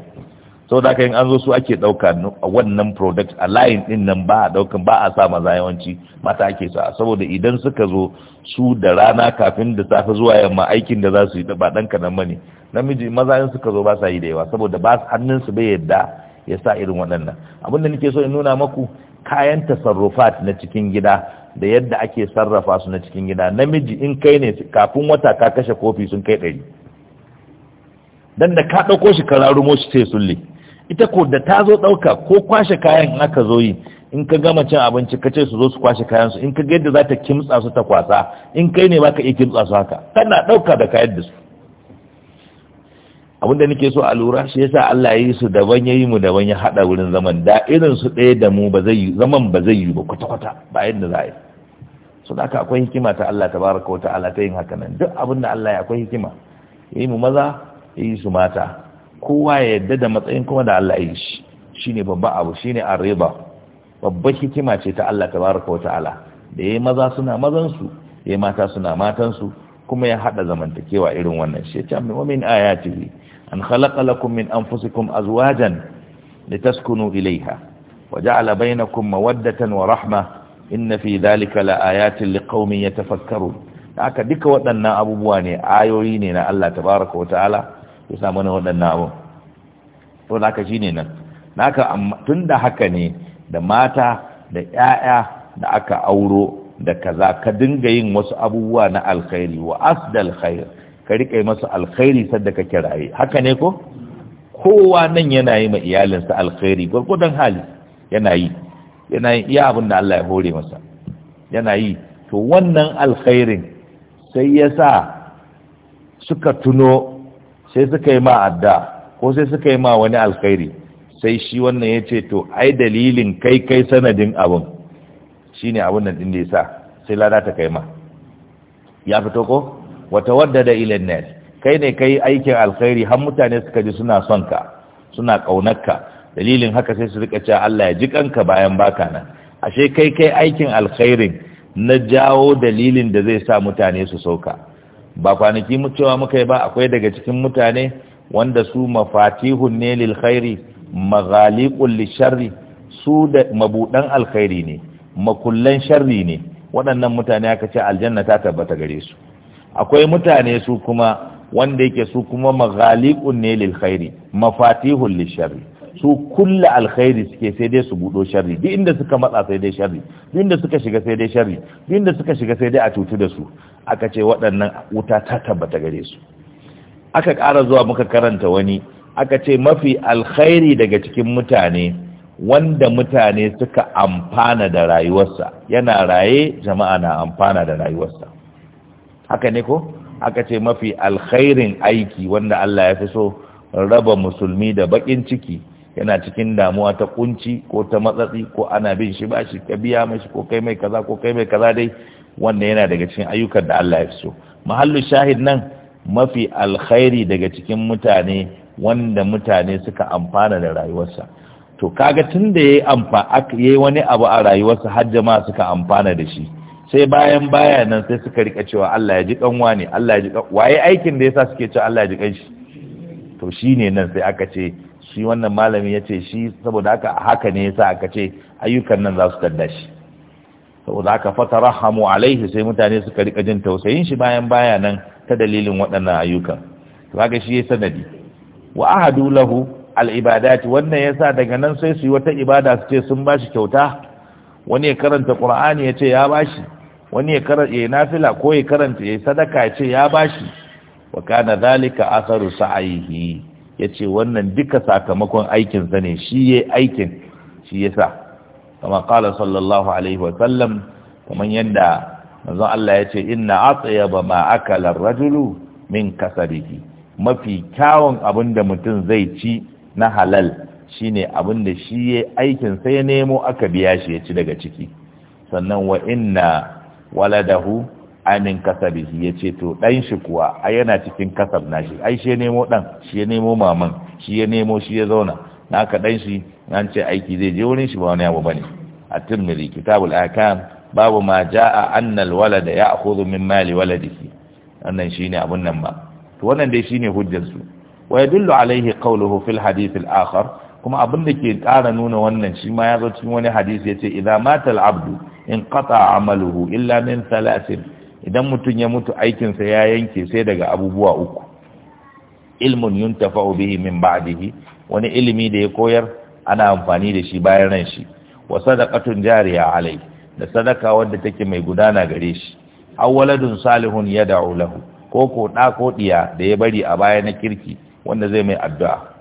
sau da yin an zo su ake ɗauka wannan product a layin din nan ba a ba a sa maza yawanci mata ake sa saboda idan suka zo su da rana kafin da safe zuwa yamma aikin da za su yi ba dan kanan bane namiji maza yin suka zo ba sa yi da yawa saboda ba su bai yadda ya sa irin waɗannan da nake so in nuna maku kayan tasarrufat na cikin gida da yadda ake sarrafa su na cikin gida namiji in kai ne kafin wata ka kashe kofi sun kai ɗari dan da ka ɗauko shi ka rarumo shi sai sulle ita ko da ta zo ɗauka ko kwashe kayan in aka zo yi in ka gama cin abinci ka ce su zo su kwashe kayan su in ka ga yadda za ta kimtsa su ta kwasa in kai ne baka iya kimtsa su haka tana ɗauka da kayan da su abin da nake so a lura shi yasa Allah ya yi su daban ya yi mu daban ya haɗa wurin zaman da irin su ɗaya da mu ba zai yi zaman ba zai yi ba kwata-kwata ba yadda za a yi so da haka akwai hikima ta Allah tabaraka wa ta'ala ta yin haka nan duk abin da Allah ya akwai hikima ya yi mu maza ya yi su mata kowa ya yadda da matsayin kuma da Allah yi shi shine babba abu shine arriba Babban hikima ce ta Allah tabaraka wataala da yayi maza suna mazan su yayi mata suna matan su kuma ya hada zamantakewa irin wannan shi ta min min ayatihi an khalaqa lakum min anfusikum azwajan litaskunu ilayha wa ja'ala bainakum mawaddatan wa rahma inna fi dhalika laayatin liqaumin yatafakkarun haka duka waɗannan abubuwa ne ayoyi ne na Allah tabaraka wataala ya sa mana waɗannan abun to da haka shine nan naka tun da haka ne da mata da 'ya'ya da aka auro da kaza ka dinga yin wasu abubuwa na alkhairi wa asdal khair ka rike masa alkhairi sadda ka kiraye haka ne ko kowa nan yana yi ma iyalinsa alkhairi gurgudan hali yana yi yana yi iya abin da Allah ya hore masa yana yi to wannan alkhairin sai ya sa suka tuno sai suka yi ma adda ko sai suka yi ma wani alkhairi sai shi wannan ya ce to ai dalilin kai kai sanadin abin shi ne abin nan ɗin da ya sa sai lada ta kai ma ya fito ko wata wadda da ilin net kai ne kai aikin alkhairi har mutane suka ji suna son ka suna ƙaunarka dalilin haka sai su rika cewa Allah ya ji kanka bayan baka nan ashe kai kai aikin alkhairin na jawo dalilin da zai sa mutane su sauka ba kwanaki mu cewa muka yi ba akwai daga cikin mutane wanda su mafatihun ne lil khairi maghaliqul lisharri su da mabudan alkhairi ne makullan sharri ne waɗannan mutane aka ce aljanna ta tabbata gare su akwai mutane su kuma wanda yake su kuma maghaliqun ne lil khairi mafatihul lisharri su kulle alkhairi suke sai dai su budo sharri duk inda suka matsa sai dai sharri duk inda suka shiga sai dai sharri duk inda suka shiga sai dai a cutu da su aka ce waɗannan wuta ta tabbata gare su aka ƙara zuwa muka karanta wani aka ce mafi alkhairi daga cikin mutane wanda mutane suka amfana da rayuwarsa yana raye jama'a na amfana da rayuwarsa haka ne ko aka ce mafi alkhairin aiki wanda Allah ya fi so raba musulmi da bakin ciki yana cikin damuwa ta kunci ko ta matsatsi ko ana bin shi bashi ka biya mashi ko kai mai kaza ko kai mai kaza dai wannan yana daga cikin ayyukan da Allah ya fi so mahallu shahid nan mafi alkhairi daga cikin mutane wanda mutane suka amfana da rayuwarsa to kaga tun da ya yi wani abu a rayuwarsa har jama'a suka amfana da shi sai bayan baya nan sai suka rika cewa Allah ya ji kanwa ne Allah ya ji waye aikin da yasa suke cewa Allah ya ji kanshi to shine nan sai aka ce shi wannan malami ya ce shi saboda haka haka ne yasa aka ce ayyukan nan za su tadda shi saboda haka fatarahamu alaihi sai mutane suka rika jin tausayin shi bayan baya nan ta dalilin waɗannan ayyukan to haka shi yayi sanadi wa ahadu lahu al ibadat wannan yasa daga nan sai su yi wata ibada su ce sun bashi kyauta wani ya karanta qur'ani ya ce ya bashi wani ya karanta yayi nafila ko ya karanta ya sadaka ya ce ya bashi wa kana dhalika atharu sa'ihi ya ce wannan duka sakamakon aikinsa ne shi ya aikin shi ya sa kama kala sallallahu alaihi wasallam kamar yadda manzon Allah ya ce inna ba ma aka rajulu min biki? mafi kyawun abin da mutum zai ci na halal shi ne abin da shi ya aikin sai ya nemo aka biya shi ya ci daga ciki sannan wa ina waladahu amin kasabihi ya ce to ɗan shi kuwa a yana cikin na nashi ai shi ya nemo ɗan shi ya nemo maman shi ya nemo shi ya zauna na ka ɗan shi an ce aiki zai je wurin shi ba wani abu bane a tirmidhi kitabul akam babu ma jaa annal walada ya'khudhu min mali waladihi wannan shine abun nan ba to wannan dai shine hujjar su wa yadullu alaihi qawluhu fil hadith al akhar kuma abin da ke ƙara nuna wannan shi ma ya zo cikin wani hadisi yace idza matal abdu in qata amaluhu illa min thalathin idan mutum ya mutu aikinsa ya yanke sai daga abubuwa uku ilmun yuntafa'u bihi min ba'dihi wani ilimi da ya koyar ana amfani da shi bayan ran shi wa sadaqatun jariya alai da sadaka wadda take mai gudana gare shi aw waladun salihun yad'u lahu ko ko da ko diya da ya bari a baya na kirki wanda zai mai addu'a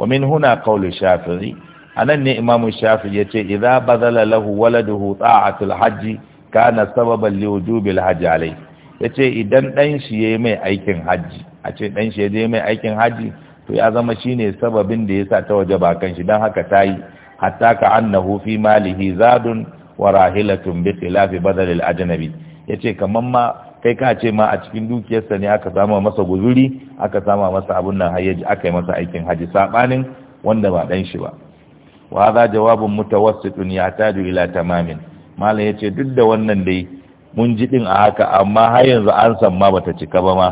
wa min huna qawlu shafi'i anan ne imamu shafi'i yace idza bazala lahu waladuhu ta'atul hajji kana sababan wujubil hajji alai yace idan dan shi yayi mai aikin haji a ce dan shi yayi mai aikin haji to ya zama shine sababin da yasa ta waje ba kan shi dan haka tayi hatta ka annahu fi malihi zadun wa rahilatun bi khilaf badal al ajnabi yace kaman ma kai ka ce ma a cikin dukiyarsa ne aka sama masa guzuri aka sama masa abun nan hayyaji aka yi masa aikin haji sabanin wanda ba dan shi ba wa hadha jawabun mutawassitun yahtaju ila tamamin malam ya ce duk da wannan dai mun ji din a haka amma har yanzu an san ma bata cika ba ma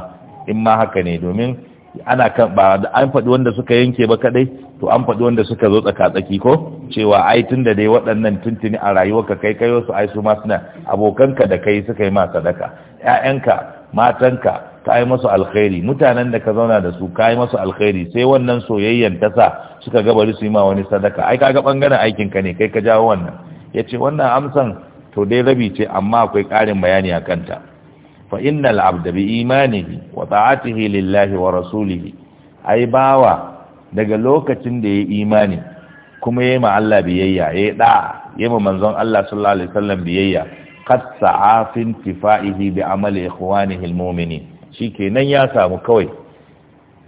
in ma haka ne domin ana kan ba an faɗi wanda suka yanke ba kadai to an faɗi wanda suka zo tsaka-tsaki ko cewa ai tun da dai waɗannan tuntuni a rayuwarka kai kai su ai su ma suna abokanka da kai suka yi ma sadaka ƴaƴanka matanka ka yi masu alkhairi mutanen da ka zauna da su ka yi masu alkhairi sai wannan soyayyen ta sa suka ga bari su yi ma wani sadaka ai kaga bangaren aikin ka ne kai ka jawo wannan ya ce wannan amsan to dai rabi ce amma akwai ƙarin bayani a kanta fa innal abda bi imanihi wa ta'atihi lillahi wa rasulihi ai bawa daga lokacin da ya imani kuma yi ma Allah biyayya yayi da yayi ma manzon Allah sallallahu alaihi wasallam biyayya qad sa'a fi intifa'ihi bi amali ikhwanihi almu'minin shikenan ya samu kawai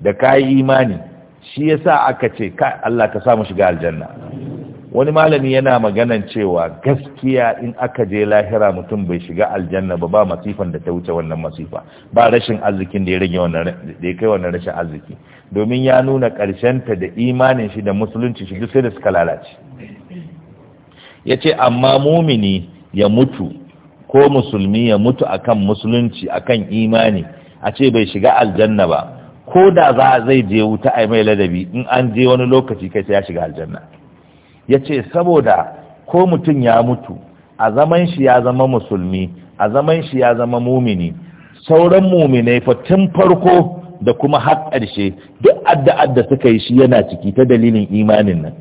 da kai imani shi yasa aka ce ka Allah ka samu shiga aljanna wani malami yana maganan cewa gaskiya in aka je lahira mutum bai shiga aljanna ba ba masifan da ta wuce wannan masifa ba rashin arzikin da ya rage da ya kai wannan rashin arziki domin ya nuna karshen ta da imanin shi da musulunci shi duk sai da suka lalace ya ce amma mumini ya mutu ko musulmi ya mutu akan musulunci akan imani a ce bai shiga aljanna ba ko da za zai je wuta a mai ladabi in an je wani lokaci kai sai ya shiga aljanna ya ce saboda ko mutum ya mutu a zaman shi ya zama musulmi a zaman shi ya zama mumini sauran muminai fa tun farko da kuma har ƙarshe duk addu'ar da suka yi shi yana ciki ta dalilin imanin nan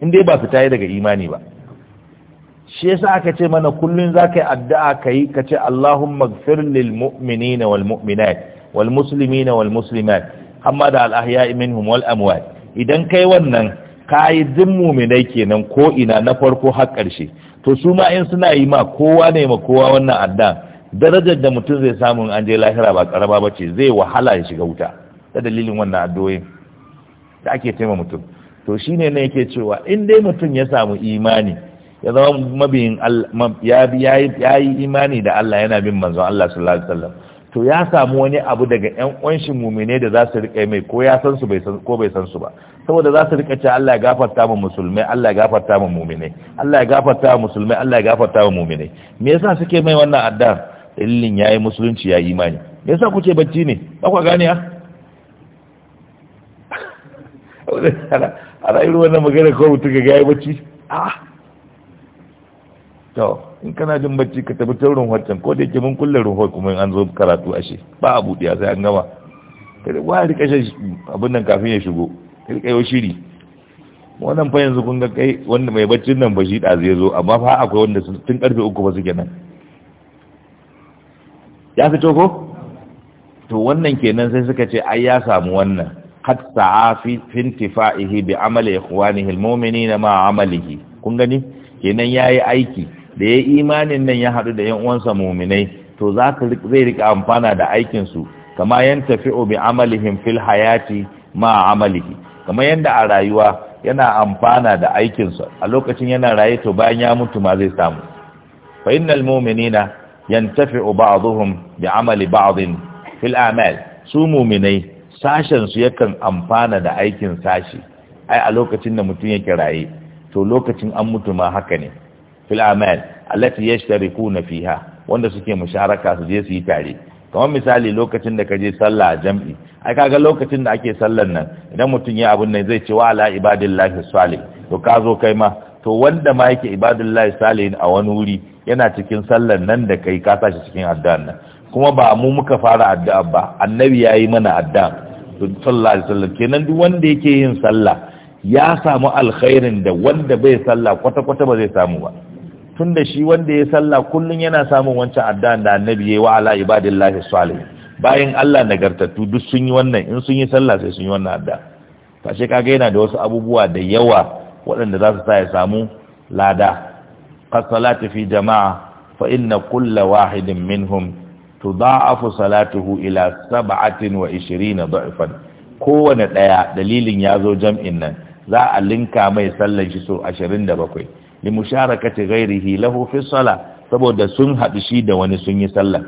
in dai ba su yi daga imani ba shi yasa aka ce mana kullun zaka yi addu'a kai ka ce Allahumma ighfir lil mu'minina wal mu'minat wal muslimina wal muslimat amma da al ahya'i minhum wal amwat idan kai wannan ka yi duk muminai kenan ko ina na farko har ƙarshe to su ma in suna yi ma kowa ne ma kowa wannan adda darajar da mutum zai samu an je lahira ba karama ba ce zai wahala ya shiga wuta da dalilin wannan addoyin da ake taima mutum to shine ne yake cewa in dai mutum ya samu imani ya zama mabiyin ya yi imani da Allah yana bin manzon Allah sallallahu alaihi wasallam to ya samu wani abu daga ƴan uwan shi mumine da za su riƙe mai ko ya san su ko bai san su ba saboda za su rika cewa Allah ya gafarta mu musulmai Allah ya gafarta mu mu'minai Allah ya gafarta mu musulmai Allah ya gafarta mu mu'minai me yasa suke mai wannan adda dalilin yayi musulunci yayi imani me yasa kuke bacci ne ba ku gane ha ah? [laughs] ana irin wannan magana ko mutu ga yayi bacci A ah! to in kana jin bacci ka tafi taurin wancan ko da yake mun kulle ruhoi kuma an zo karatu ashe ba a buɗe sai an gama kada wa rika abin nan kafin ya shigo kai shiri wannan fa yanzu kun ga kai wanda mai baccin nan ba shi da zai zo amma fa akwai wanda tun karfe uku ba suke nan ya fito ko to wannan kenan sai suka ce ai ya samu wannan qad sa'afi fintifa'ihi bi amali ikhwanihi almu'minina ma amalihi kun gani kenan yayi aiki da yayi imanin nan ya hadu da yan uwansa mu'minai to zaka zai rika amfana da aikin su kama yantafi'u bi amalihim fil hayati ma amalihi kamar yadda a rayuwa yana amfana da aikinsa a lokacin yana raye to bayan ya mutu ma zai samu fa innal mu'minina yantafi'u ba'dhum bi'amali ba'dhin fil a'mal su mu'minai sashen su yakan amfana da aikin sashi ai a lokacin da mutum yake raye to lokacin an mutu ma haka ne fil a'mal allati yashtarikuna fiha wanda suke musharaka su je su yi tare kamar misali lokacin da ka je sallah a jam'i ai kaga lokacin da ake sallan nan idan mutum ya abun nan zai ce wa ala ibadillahi salih to ka zo kai ma to wanda ma yake ibadillahi salih a wani wuri yana cikin sallan nan da kai ka tashi cikin addu'an nan kuma ba mu muka fara addu'a ba annabi yayi mana addu'a to sallallahu alaihi wasallam kenan duk wanda yake yin sallah ya samu alkhairin da wanda bai sallah kwata-kwata ba zai samu ba tun da shi wanda ya sallah kullum yana samun wancan addu'an da annabi ya yi wa ala ibadillahi salih bayan Allah nagartattu duk sun yi wannan in sun yi sallah sai sun yi wannan adda ce kaga yana da wasu abubuwa da yawa waɗanda za su sa ya samu lada fasalati fi jama'a fa inna kulla wahidin minhum tudha'afu salatuhu ila 27 da'fan kowane daya dalilin yazo jam'in nan za a linka mai sallan shi so 27 li musharakati ghairihi lahu fi salla saboda sun haɗu shi da wani sun yi sallah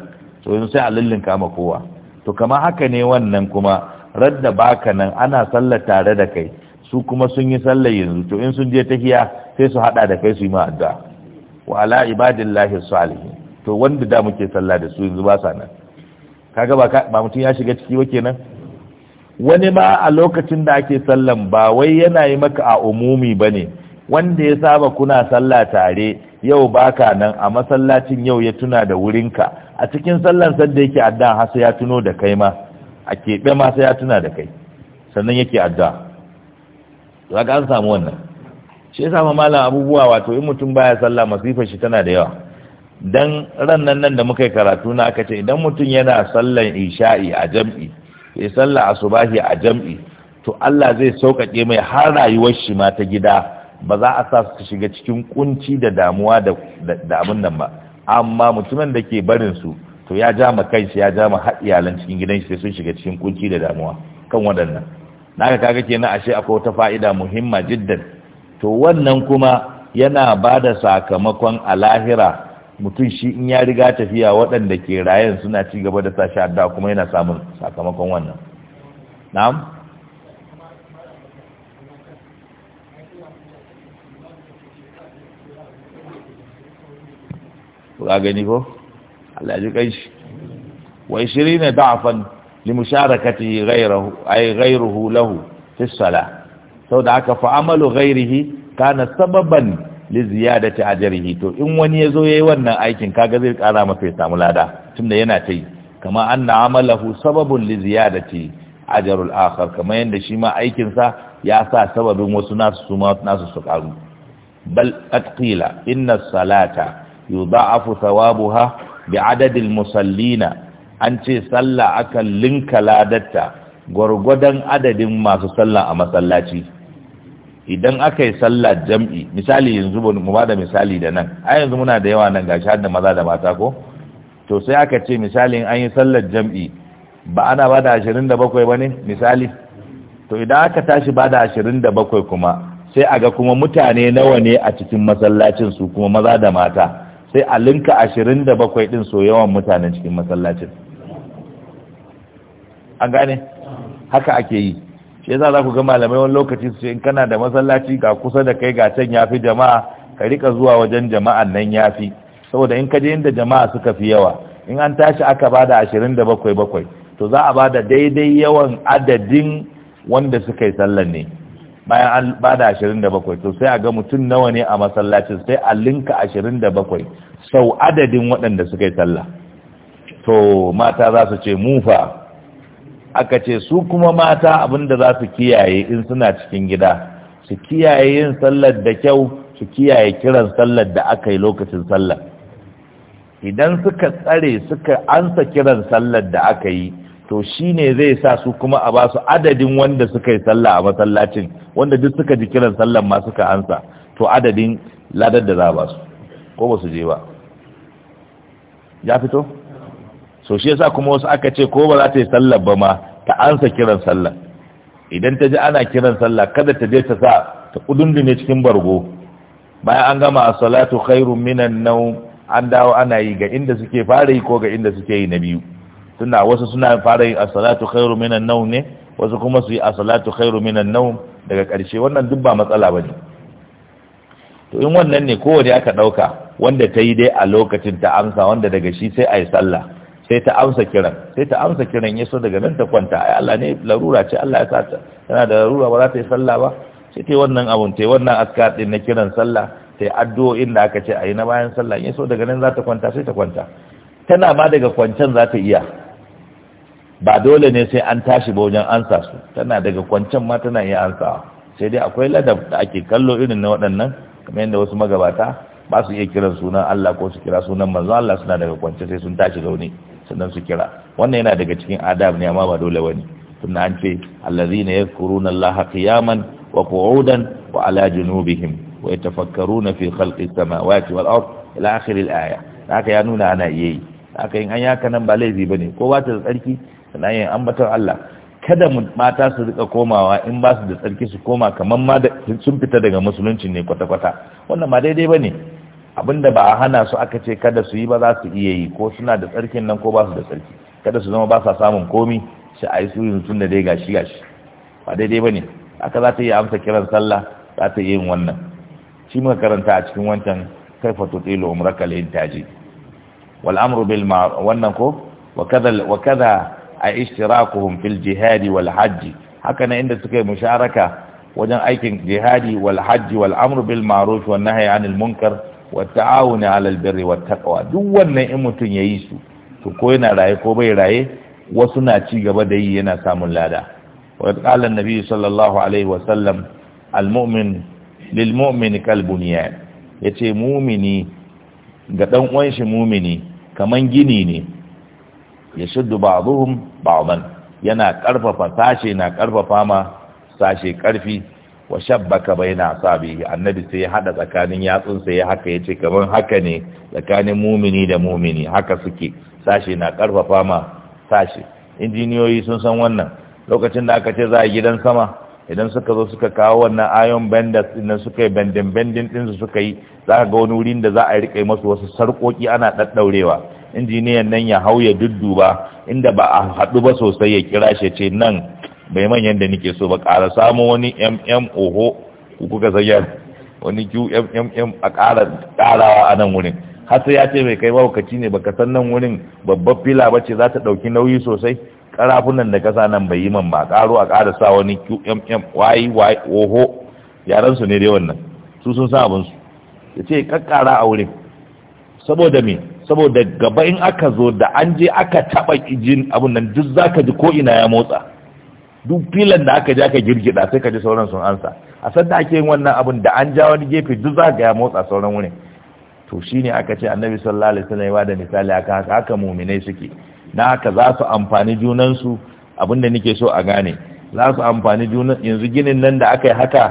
to yanzu sai a lullunka ma kowa to kama haka ne wannan kuma radda baka nan ana sallah tare da kai su kuma sun yi sallah yanzu to in sun je tahiya sai su haɗa da kai su yi ma addu'a wa ala ibadillahi salihin to wanda da muke sallah da su yanzu ba sa nan kaga ba ba mutum ya shiga ciki ba kenan wani ma a lokacin da ake sallan ba wai yana yi maka a umumi bane wanda ya saba kuna sallah tare yau baka nan a masallacin yau ya tuna da wurinka a cikin sallan sadda yake addu'a har sai ya tuno da kai ma a keɓe ma sai ya tuna da kai sannan yake adda za ka an samu wannan shi ya samu malam abubuwa wato in mutum baya sallah masifar shi tana da yawa dan rannan nan nan da muka yi karatu na aka ce idan mutum yana sallan isha'i a jam'i ya sallah asubahi a jam'i to Allah zai sauƙaƙe mai har rayuwar shi ma ta gida ba za a sa su shiga cikin kunci da damuwa da abin nan ba amma mutumin da ke barin su to ya ja ma ya ja ma iyalan cikin gidan shi sai sun shiga cikin kunci da damuwa kan waɗannan naka kaga kenan ashe akwai wata fa'ida muhimma jiddan to wannan kuma yana ba da sakamakon a lahira mutum shi in ya riga tafiya waɗanda ke rayan suna ci gaba da sa adda kuma yana samun sakamakon wannan na'am ka gani ko Allah ji kai shi wa 20 da'fan li musharakati ay ghayruhu lahu fi salah saboda haka fa amalu ghayrihi kana sababan li ziyadati ajrihi to in wani yazo yayi wannan aikin kaga zai kara masa ya samu lada tunda yana ta yi kama anna amalahu sababun li ziyadati ajrul akhar kama yanda shi ma aikin sa ya sa sababin wasu nasu su ma nasu su karu bal atqila inna salata yudha'afu thawabuha bi adadil musallina an ce sallah akan linka ladatta gurgudan adadin masu sallah a masallaci idan aka yi sallah jam'i misali yanzu mu ba da misali da nan a yanzu muna da yawa nan gashi da maza da mata ko to sai aka ce misalin an yi sallar jam'i ba ana ba da ashirin da bakwai ba ne misali to idan aka tashi ba da ashirin da bakwai kuma sai aga kuma mutane nawa ne a cikin masallacin su kuma maza da mata sai a linka ashirin da bakwai ɗin so yawan mutanen cikin masallacin an gane haka ake yi shi yasa za ku ga malamai wani lokaci su ce in kana da masallaci ga kusa da kai ga can yafi jama'a ka rika zuwa wajen jama'an nan yafi saboda in ka je inda jama'a suka fi yawa in an tashi aka bada ashirin da bakwai bakwai to za a ba da daidai yawan adadin wanda suka yi sallar ne bayan an bada ashirin da bakwai to sai a ga mutum nawa ne a masallacin sai a linka ashirin da bakwai sau adadin waɗanda suka yi sallah to mata za su ce mufa aka ce su kuma mata abinda za su kiyaye in suna cikin gida su kiyaye yin sallar da kyau su kiyaye kiran sallar da aka yi lokacin sallar idan suka tsare suka ansa kiran sallar da aka yi to shi ne zai sa su kuma a basu adadin wanda suka yi sallah a masallacin wanda duk suka ji kiran sallan ma suka ansa to adadin ladar da za a basu, ko ba su je ba ya fito so shi yasa kuma wasu aka ce ko ba za ta yi sallah ba ma ta ansa kiran sallah idan ta ji ana kiran sallah kada ta je ta sa ta kudundune cikin bargo bayan an gama as-salatu khairum minan nawm an dawo ana yi ga inda suke fara yi ko ga inda suke yi na biyu tunda wasu suna fara yin as-salatu khairu minan nawm ne wasu kuma su yi as-salatu khairu minan nawm daga ƙarshe wannan duk ba matsala bane to in wannan ne kowace aka dauka wanda ta yi dai a lokacin ta amsa wanda daga shi sai ayi sallah sai ta amsa kiran sai ta amsa kiran yaso daga nan ta kwanta ai Allah ne larura ce Allah ya sa ta tana da larura ba za ta yi sallah ba sai ta wannan abun ta wannan askar din na kiran sallah ta addu'o'in da aka ce ayi na bayan sallah yaso daga nan za ta kwanta sai ta kwanta tana ma daga kwancen za ta iya ba dole ne sai an tashi ba wajen ansa su tana daga kwancen ma tana iya ansawa sai dai akwai ladab da ake kallo irin na waɗannan kamar yadda wasu magabata ba su iya kiran sunan Allah ko su kira sunan manzo Allah suna daga kwance sai sun tashi zaune sannan su kira wannan yana daga cikin adab ne amma ba dole wani. tunda an ce allazina yadhkuruna Allah qiyaman wa qu'udan wa ala junubihim wa yatafakkaruna fi khalqis samawati wal ard ila akhir al aya haka ya nuna ana yayi haka in an yaka nan ba laifi bane ko ba ta tsarki suna yin ambatar Allah kada mata su rika komawa in ba su da tsarki su koma kamar ma sun fita daga musulunci ne kwata-kwata wannan ma daidai ba ne abinda ba a hana su aka ce kada su yi ba za su iya yi ko suna da tsarkin nan ko ba su da tsarki kada su zama ba sa samun komi shi a yi su yin da dai gashi gashi ba daidai ba ne aka za ta yi amsa kiran sallah za ta yi yin wannan shi muka karanta a cikin wancan kaifa tutilu umraka lin wal amru bil ma wannan ko wa kadha wa kadha a ishtirakuhum fil jihadi wal hajji haka na inda suka yi musharaka wajen aikin jihadi wal hajji wal amru bil ma'ruf wan nahyi anil munkar wat ta'awuni 'alal birri wat taqwa duk wannan in mutun yayi su to ko yana raye ko bai raye wasu na ci gaba da yi yana samun lada wa qala an-nabi sallallahu alaihi wa sallam al-mu'min lil mu'min kal bunyan yace mumini ga dan uwan shi mumini kaman gini ne ya shuddu baban yana ƙarfafa sashe na karfafa ma sashe karfi wa shabbaka baina sabi annabi sai ya haɗa tsakanin yatsun sai ya haka yace gaban haka ne tsakanin mumini da mumini haka suke sashe na ƙarfafa ma sashe injiniyoyi sun san wannan lokacin da aka ce za a gidan sama idan suka zo suka kawo wannan ayon benders din suka yi bendin bendin din su suka yi za ka ga wani wurin da za a rike masu wasu sarkoki ana ɗaɗɗaurewa injiniyan nan ya hau ya dudduba inda ba a haɗu ba sosai ya kira shi ce nan bai manyan da nike so ba ƙara samu wani mm oho kuka sayar wani qmm a ƙara ƙarawa a nan wurin har sai ya ce mai kai mawakaci ne baka san nan wurin babbar fila ba ce za ta ɗauki nauyi sosai ƙarafunan da kasa nan bai yi man ba ƙaro a ƙara sa wani qmm wayi oho yaran su ne dai wannan su sun sa abin su ya ce kakkara a wurin saboda me saboda gaba in aka zo da an je aka taba jin abun nan duk za ka ji ko ina ya motsa duk filan da aka je aka girgida sai ka ji sauran sun ansa a san da ake yin wannan abun da an ja wani gefe duk za ka ya motsa sauran wurin to shine aka ce annabi sallallahu alaihi wasallam ya da misali akan haka haka mu'minai suke na haka za su amfani junan su da nake so a gane za su amfani junan yanzu ginin nan da aka yi haka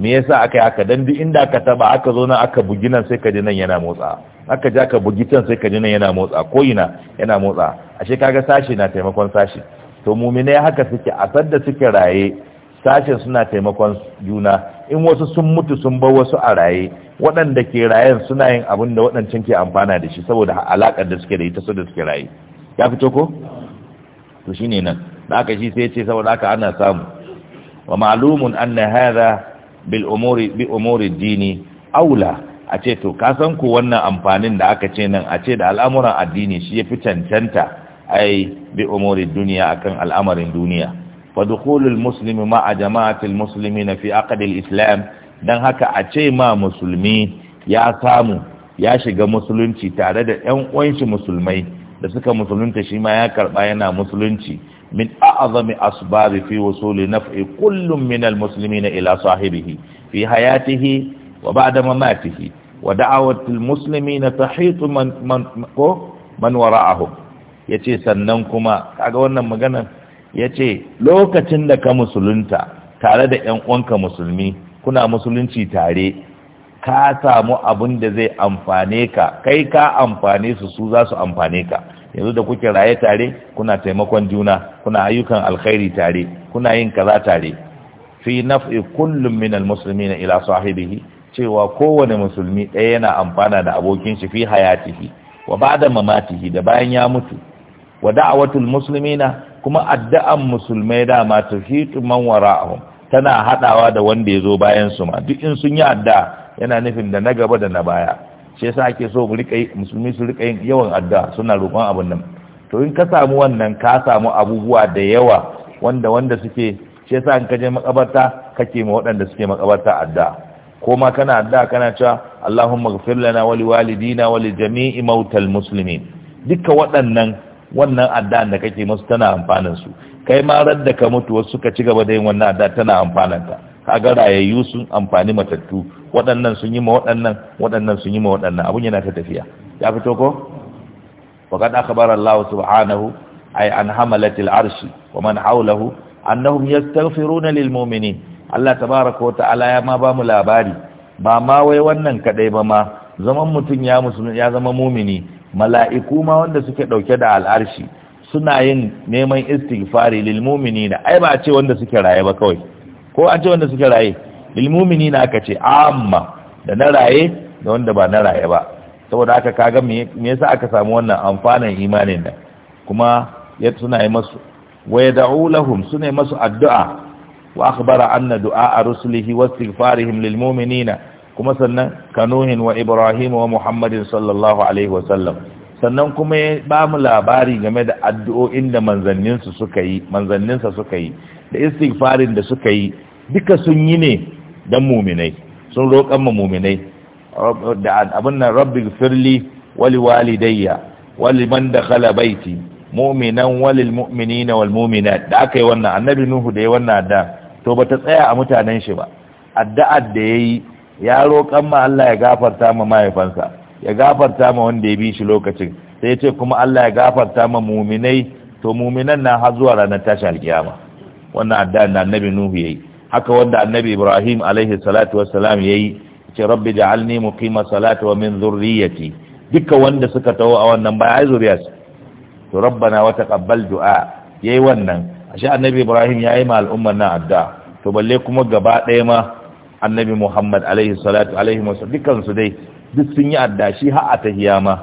me yasa aka yi haka dan duk inda aka taba aka zo nan aka bugi nan sai ka ji nan yana motsa aka ja ka bugi can sai ka ji nan yana motsa ko ina yana motsa ashe kaga sashi na taimakon sashi to mumine haka suke a sadda suke raye sashen suna taimakon juna in wasu sun mutu sun bar wasu a raye waɗanda ke rayen suna yin abin da waɗancan ke amfana da shi saboda alaƙar da suke da ita su da suke raye ya fito ko to shine nan da aka shi sai ce saboda haka ana samu wa ma'lumun anna hadha bil umuri bi umuri dini aula a ce to ka san ku wannan amfanin da aka ce nan a ce da al'amuran addini shi ya fi cancanta ai bi umuri duniya akan al'amarin duniya fa dukhulul muslimi ma'a Musulmi na fi aqdil islam dan haka a ce ma musulmi ya samu ya shiga musulunci tare da ƴan uwanshi musulmai da suka musulunta shi ma ya karba yana musulunci min a'zami asbabi fi wusuli naf'i kullum min almuslimina ila sahibihi fi hayatihi وبعد مماته ودعوة المسلمين تحيط من, من, من وراءهم yace sannan kuma kaga wannan maganar yace lokacin da ka musulunta tare da ƴan uwanka musulmi kuna musulunci tare ka samu abin da zai amfane ka kai ka amfane su su za su amfane ka yanzu da kuke raye tare kuna taimakon juna kuna ayyukan alkhairi tare kuna yin kaza tare fi naf'i kullum minal na ila sahibihi cewa kowane musulmi ɗaya yana amfana da abokin shi fi hayatihi wa ba'da mamatihi da bayan ya mutu wa da'awatul muslimina kuma addu'an musulmai dama tuhitu man wara'ahum tana hadawa da wanda ya zo bayan su ma duk in sun yi addu'a yana nufin da na gaba da na baya shi yasa ake so mu rika musulmi su rika yin yawan addu'a suna roƙon abin nan to in ka samu wannan ka samu abubuwa da yawa wanda wanda suke shi yasa in ka je makabarta kake ma waɗanda suke makabarta addu'a ko ma kana da kana cewa Allahumma ighfir lana wa liwalidina wa li jami'i mautal muslimin duka waɗannan wannan addu'an da kake musu tana amfanin su kai ma radda ka mutu wasu suka ci gaba da yin wannan addu'a tana amfanin ka kaga rayayyu sun amfani matattu waɗannan sun yi ma waɗannan waɗannan sun yi ma waɗannan abun yana ta tafiya ya fito ko faqad akhbara Allah subhanahu ay an hamalatil arshi wa man hawlahu annahum yastaghfiruna lil mu'minin Allah tabaraka wa ta'ala ya ma ba mu labari ba ma wai wannan kadai ba ma zaman mutum ya musulmi ya zama mumini mala'iku ma wanda suke dauke da al'arshi suna yin neman istighfari lil mu'minina ai ba a ce wanda suke raye ba kawai ko an ce wanda suke raye lil mu'minina aka ce amma da na raye da wanda ba na raye ba saboda haka kaga me yasa aka samu wannan amfanin imanin da kuma ya suna yi masu wa yad'u lahum suna yi masu addu'a wa akhbara anna du'a rusulihi wa istighfarihim lil mu'minina kuma sannan kanuhin wa ibrahim wa muhammadin sallallahu alaihi wa sallam sannan kuma ya ba mu labari game da addu'o'in da manzanninsu suka yi manzanninsa suka yi da istighfarin da suka yi duka sun yi ne don muminai sun roƙan ma muminai da abin nan rabbi firli wali walidayya wali man da baiti muminan walil mu'minina wal mu'minat da aka yi wannan annabi nuhu da ya wannan da to ba ta tsaya a mutanen shi ba addu'ar da yayi ya roƙan ma Allah ya gafarta ma mahaifansa ya gafarta ma wanda ya bi shi lokacin sai ce kuma Allah ya gafarta ma muminai to muminan na har zuwa ranar tashi alkiyama wannan addu'ar da annabi Nuhu yayi haka wanda annabi Ibrahim alaihi salatu wassalam yayi ce rabbi ja'alni muqima salati wa min dhurriyyati duka wanda suka taho a wannan baya ai zuriyas to rabbana wa taqabbal du'a yayi wannan ashe annabi Ibrahim ya yi ma al'ummar na addu'a to balle kuma gaba ɗaya ma annabi muhammad alaihi salatu alaihi wasu dukansu dai duk sun yi addashi har a tahiya ma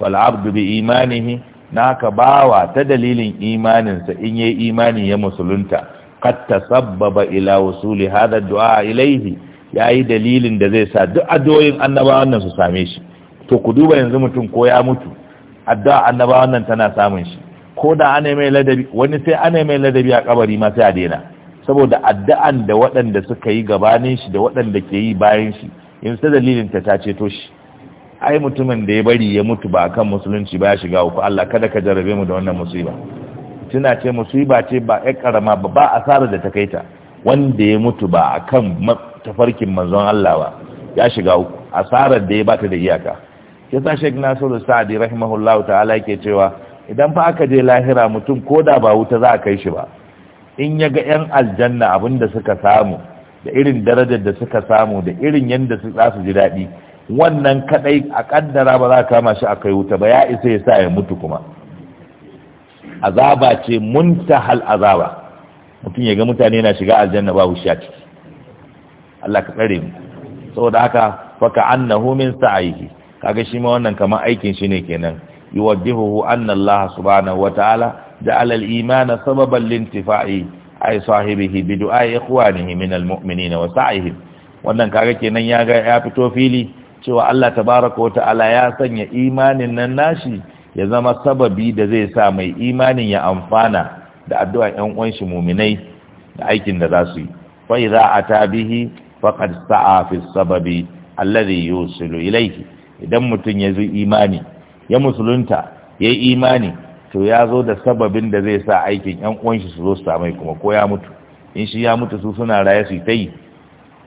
wal abdu bi imanihi naka bawa ta dalilin imaninsa in yayi imani ya musulunta qad tasabbaba ila wusuli hadha du'a ilaihi yayi dalilin da zai sa duk addu'o'in annabawan nan su same shi to ku duba yanzu mutum ko ya mutu addu'a annabawan nan tana samun shi ko da ana mai ladabi wani sai ana mai ladabi a kabari ma sai a daina saboda addu'an da waɗanda suka yi gabanin shi da waɗanda ke yi bayan shi in sai dalilin ta ta ceto shi ai mutumin da ya bari ya mutu ba kan musulunci ba ya shiga uku Allah kada ka jarabe mu da wannan musiba tuna ce musiba ce ba ƴar karama ba ba asarar da ta kai ta wanda ya mutu ba akan tafarkin manzon Allah ba ya shiga uku asarar da ya bata da iyaka yasa Sheikh Nasiru Sa'di rahimahullahu ta'ala yake cewa idan fa aka je lahira mutum koda ba wuta za a kai shi ba in ya ga 'yan aljanna abin da suka samu da irin darajar da suka samu da irin yadda su za su ji daɗi wannan kaɗai a kaddara ba za ka kama shi a kai wuta ba ya isa ya sa ya mutu kuma azaba ce muntahal azaba mutum ya ga mutane na shiga aljanna ba a ciki Allah ka tsare mu saboda haka fa ka annahu min sa'ihi kaga shi ma wannan kamar aikin shi ne kenan yuwaddihu anna Allah subhanahu wataala جعل al سببا sababan lintifa'i صاحبه sahibihi bi من المؤمنين min wannan kaga kenan ya ga ya fito fili cewa Allah tabaraka wa ta'ala ya sanya imanin nan nashi ya zama sababi da zai sa mai imanin ya amfana da addu'a ɗan uwan shi mu'minai da aikin da za su yi fa idza ata bihi faqad sa'a fi sababi alladhi yusilu ilayhi idan mutun ya zo imani ya musulunta ya yi imani to ya zo da sababin da zai sa aikin yan uwan shi su zo su samai kuma ko ya mutu in shi ya mutu su suna raye su ta yi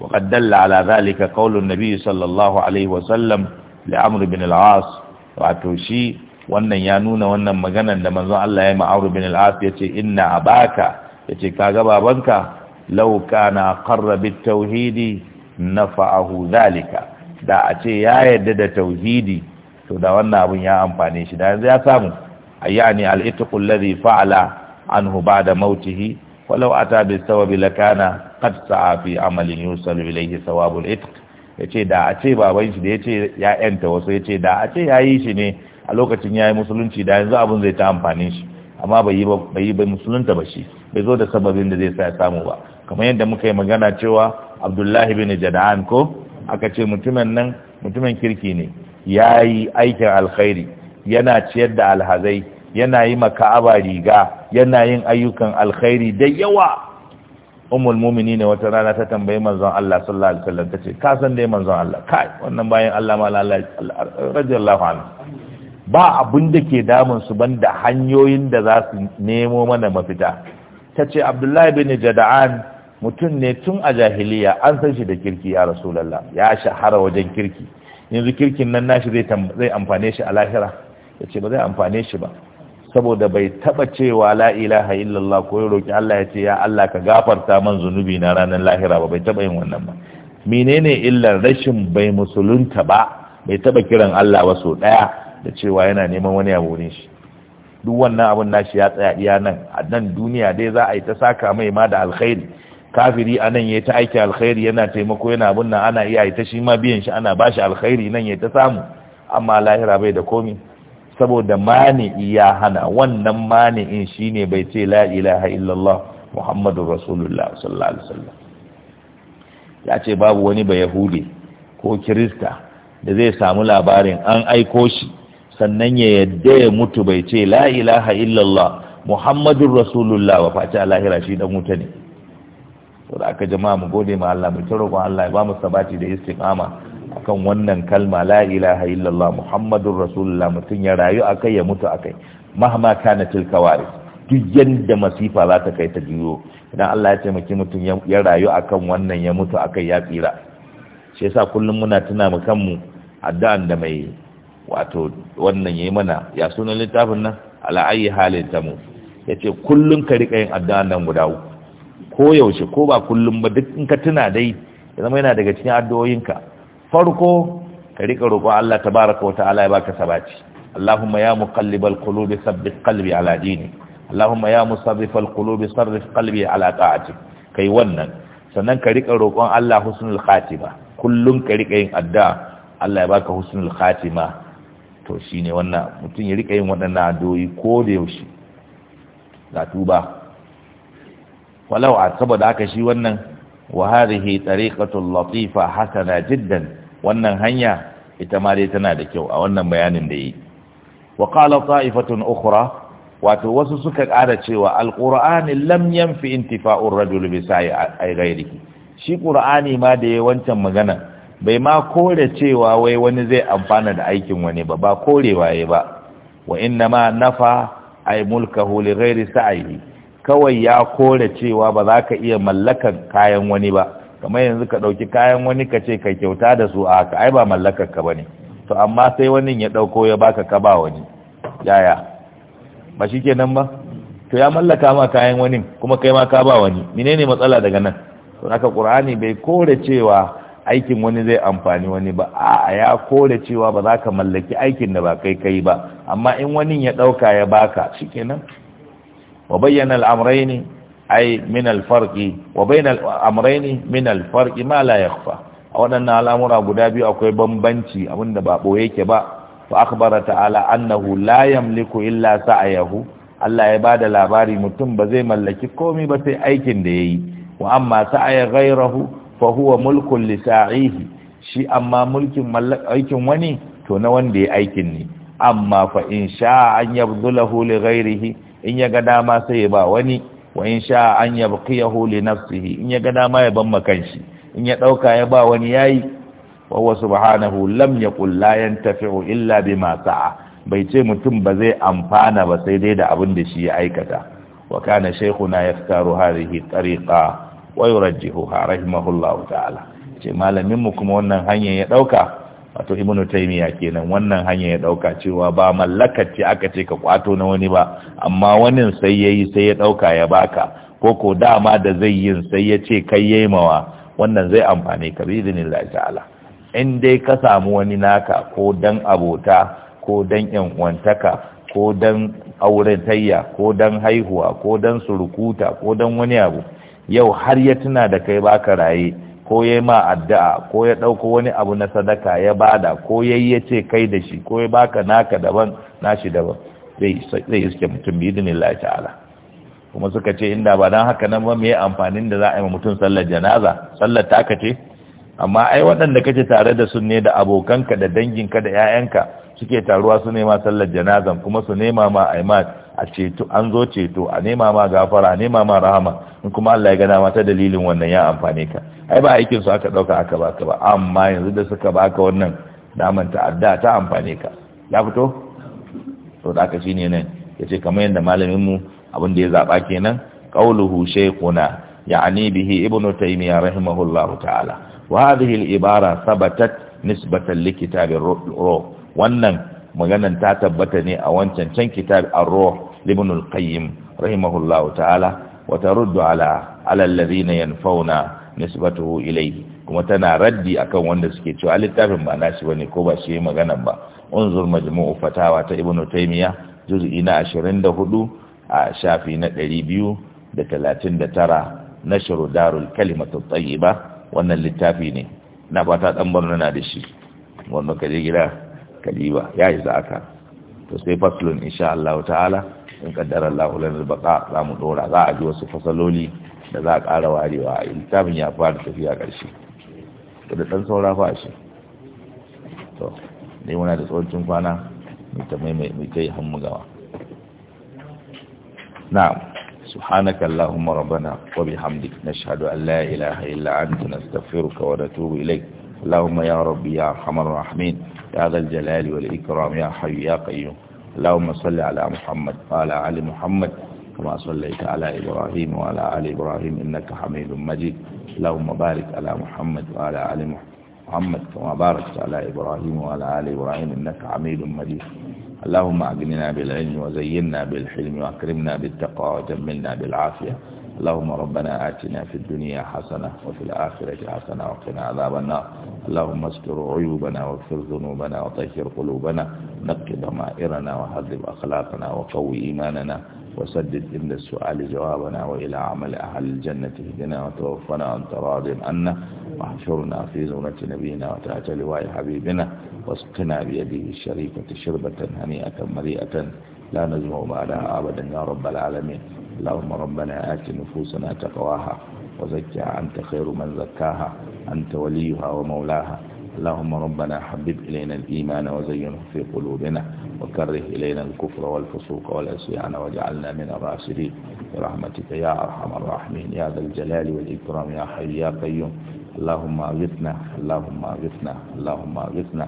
wa qad dalla ala zalika qaulun nabi sallallahu alaihi wa sallam li bin al wato shi wannan ya nuna wannan maganar da manzon Allah ya ma amr bin al-as yace inna abaka yace kaga babanka law kana na bit tauhidi fa'ahu. zalika da a ce ya yarda da tauhidi to da wannan abun ya amfane shi da yanzu ya samu يعني الاتق الذي فعل عنه بعد موته ولو أتى بالثواب لكان قد سعى في عمل ilayhi إليه ثواب Ya yace da a ce baban shi da yace ya yanta wasu yace da a ce yayi shi ne a lokacin yayi musulunci da yanzu abun zai ta amfani shi amma bai yi bai musulunta ba shi bai zo da sababin da zai sa ya samu ba kamar yadda muka yi magana cewa Abdullahi bin Jada'an ko aka ce mutumin nan mutumin kirki ne yayi aikin alkhairi yana ciyar da alhazai yana yi maka'aba riga yana yin ayyukan alkhairi da yawa umul mumini ne wata rana ta tambayi manzon Allah sallallahu alaihi wasallam tace ka san dai manzon Allah kai wannan bayan Allah ma Allah radiyallahu anhu ba abun da ke damun su banda hanyoyin da za su nemo mana mafita tace Abdullahi bin Jada'an mutum ne tun a jahiliya an san shi da kirki ya Rasulullah ya shahara wajen kirki yanzu kirkin nan nashi zai zai amfane shi a lahira ya ce ba zai amfane shi ba saboda bai taba cewa la ilaha illallah ko ya roki Allah ya ce ya Allah ka gafarta man zunubi na ranar lahira ba bai taba yin wannan ba menene illar rashin bai musulunta ba bai taba kiran Allah ba so daya da cewa yana neman wani abu wurin shi duk wannan abun nashi ya tsaya iya nan a nan duniya dai za a yi ta saka mai ma da alkhairi kafiri a nan ya ta aiki alkhairi yana taimako yana abun nan ana iya yi ta shi ma biyan shi ana bashi alkhairi nan ya ta samu amma lahira bai da komi saboda mani'i ya hana wannan mani'in shine bai ce la ilaha illallah muhammadur rasulullah sallallahu alaihi wasallam ya ce babu wani ba yahudi ko kirista da zai samu labarin an aiko shi sannan ya yadda ya mutu bai ce la ilaha illallah muhammadun rasulullah ba face lahira shi dan wuta ne to da aka jama'a mu gode ma Allah mu ta Allah ya ba mu sabati da istiqama akan wannan kalma la ilaha illallah muhammadur rasulullah mutum ya rayu akai ya mutu akai mahma kana tilka duk yanda masifa za ta kai ta juyo idan Allah ya taimaki mutum ya rayu akan wannan ya mutu akai ya tsira shi yasa kullum muna tuna mu kanmu addu'an da mai wato wannan yayi mana ya sunan littafin nan ala ayi halin tamu yace kullum ka rika yin addu'an nan guda ko yaushe ko ba kullum ba duk in ka tuna dai zama yana daga cikin addu'o'inka farko ka rika roƙo Allah tabaraka wata'ala ya baka sabaci Allahumma ya muqallibal qulubi sabbit qalbi ala dinik Allahumma ya musarrifal qulubi sarrif qalbi ala ta'atik kai wannan sannan ka rika roƙon Allah husnul khatima kullum ka rika yin addu'a Allah ya baka husnul khatima to shine wannan mutum ya rika yin waɗannan addu'o'i ko da yaushe ga tuba walau a saboda haka shi wannan wa hadhihi tariqatul latifa hasana jiddan wannan hanya ita ma dai tana da kyau a wannan bayanin da yi wa qala ta'ifatun ukhra wato wasu suka ƙara cewa alqur'ani lam yanfi intifa'ur rajul bi sa'i ay gairiki. shi qur'ani ma da yayi wancan magana bai ma kore cewa wai wani zai amfana da aikin wani ba ba korewa yayi ba wa inna ma nafa ay mulkahu li ghairi sa'ihi kawai ya kore cewa ba za ka iya mallakan kayan wani ba kamar yanzu ka ɗauki kayan wani ka ce ka kyauta da su a ka ai ba mallakar ka bane to amma sai wani ya ɗauko ya baka ka ba wani yaya ba shi kenan ba to ya mallaka ma kayan wani kuma kai ma ka ba wani menene matsala daga nan to haka qur'ani bai kore cewa aikin wani zai amfani wani ba a ya kore cewa ba za ka mallaki aikin da ba kai kai ba amma in wani ya ɗauka ya baka shikenan wa bayyana al'amrai ne ai min alfarki wa bainal amrayni min alfarki ma la yakhfa waɗannan al'amura guda biyu akwai bambanci abinda ba boye yake ba fa akhbara ta'ala annahu la yamliku illa sa'ayahu Allah ya bada labari mutum ba zai mallaki komai ba sai aikin da yayi wa amma sa'aya ghayrahu fa huwa mulkun li sa'ihi shi amma mulkin aikin wani to na wanda ya aikin ne amma fa in sha an yabdulahu li ghayrihi in ya ga dama sai ya ba wani wa in sha an yabqiyahu li nafsihi in ya ga dama ya ban makanshi in ya dauka ya ba wani yayi wa huwa subhanahu lam yaqul la yantafi'u illa bima sa'a bai ce mutum ba zai amfana ba sai dai da abin da shi ya aikata wa kana shaykhuna yaftaru hadhihi tariqa wa yurajjihuha rahimahullahu ta'ala ce malamin mu kuma wannan hanyar ya dauka wato ibnu taymiya kenan wannan hanya ya dauka cewa ba mallakar ce aka ce ka kwato na wani ba amma wani sai yayi sai ya dauka ya baka ko ko dama da zai yin sai ya ce kai yayi mawa wannan zai amfane ka bi Allah ta'ala in dai ka samu wani naka ko dan abota ko dan yan uwantaka ko dan auratayya ko dan haihuwa ko dan surukuta ko dan wani abu yau har ya tuna da kai baka raye ko ya ma addu'a ko ya ɗauko wani abu na sadaka ya bada ko ya yi ya ce kai da shi ko ya baka naka daban nashi daban zai iske mutum biyu ne Allah ta'ala kuma suka ce inda ba don haka nan ba yi amfanin da za a yi mutum sallar janaza sallar ta ce amma ai waɗanda kake tare da su ne da abokanka da danginka da 'ya'yanka suke taruwa su nema sallar janazan kuma su nema ma aimat a ceto an zo ceto a nema ma gafara a nema ma rahama in kuma Allah ya gana mata dalilin wannan ya amfane ka ai ba aikin su aka dauka aka baka ba amma yanzu da suka baka wannan naman ta'adda ta amfane ka ya fito to da aka shine nan yace kamar yanda malamin mu abin da ya zaba kenan qauluhu shaykhuna ya'ni bihi ibnu taymiyyah rahimahullahu ta'ala wa hadhihi al-ibara thabatat nisbatan li kitabir ruh wannan maganan ta tabbata ne a wancan can kitab ar-ruh ibn al-qayyim rahimahullahu ta'ala wa taruddu ala ala alladhina yanfauna nisbatuhu ilayhi kuma tana raddi akan wanda suke cewa littafin ba nashi bane ko ba shi maganan ba unzur majmu'u fatawa ta ibn taymiya juz'i na 24 a shafi na 239 nashru darul kalimatu tayyiba wannan littafi ne na fata dan barna na da shi wanda kaje gida kadiba ya isa aka to sai fasulun insha Allah ta'ala in kaddara Allah lana baqa za mu dora za a ji wasu fasaloli da za a ƙara warewa a littafin ya fara tafiya ƙarshe to da dan saura fa shi to ne muna da tsoncin kwana mai ta mai mai kai hammu gawa na'am سبحانك اللهم ربنا وبحمدك نشهد أن لا إله إلا أنت نستغفرك ونتوب إليك اللهم يا ربي يا أرحم الراحمين يا ذا الجلال والإكرام يا حي يا قيوم اللهم صل على محمد وعلى آل محمد كما صليت على إبراهيم وعلى آل إبراهيم إنك حميد مجيد اللهم بارك على محمد وعلى آل محمد كما باركت على إبراهيم وعلى آل إبراهيم إنك حميد مجيد اللهم أعجلنا بالعلم وزينا بالحلم وأكرمنا بالتقوى وجملنا بالعافية اللهم ربنا آتنا في الدنيا حسنة وفي الآخرة حسنة وقنا عذاب النار اللهم استر عيوبنا واغفر ذنوبنا وطهر قلوبنا نقي ضمائرنا وهذب أخلاقنا وقوي إيماننا وسدد إن السؤال جوابنا وإلى عمل أهل الجنة اهدنا وتوفنا عن راض عنا واحشرنا في زمرة نبينا وتحت لواء حبيبنا واسقنا بيده الشريفة شربة هنيئة مريئة لا نزمع بعدها أبدا يا رب العالمين اللهم ربنا آت نفوسنا تقواها وزكها أنت خير من زكاها أنت وليها ومولاها اللهم ربنا حبب إلينا الإيمان وزينه في قلوبنا وكره إلينا الكفر والفسوق والعصيان واجعلنا من الراشدين برحمتك يا أرحم الراحمين يا ذا الجلال والإكرام يا حي يا قيوم اللهم أغثنا اللهم أغثنا اللهم أغثنا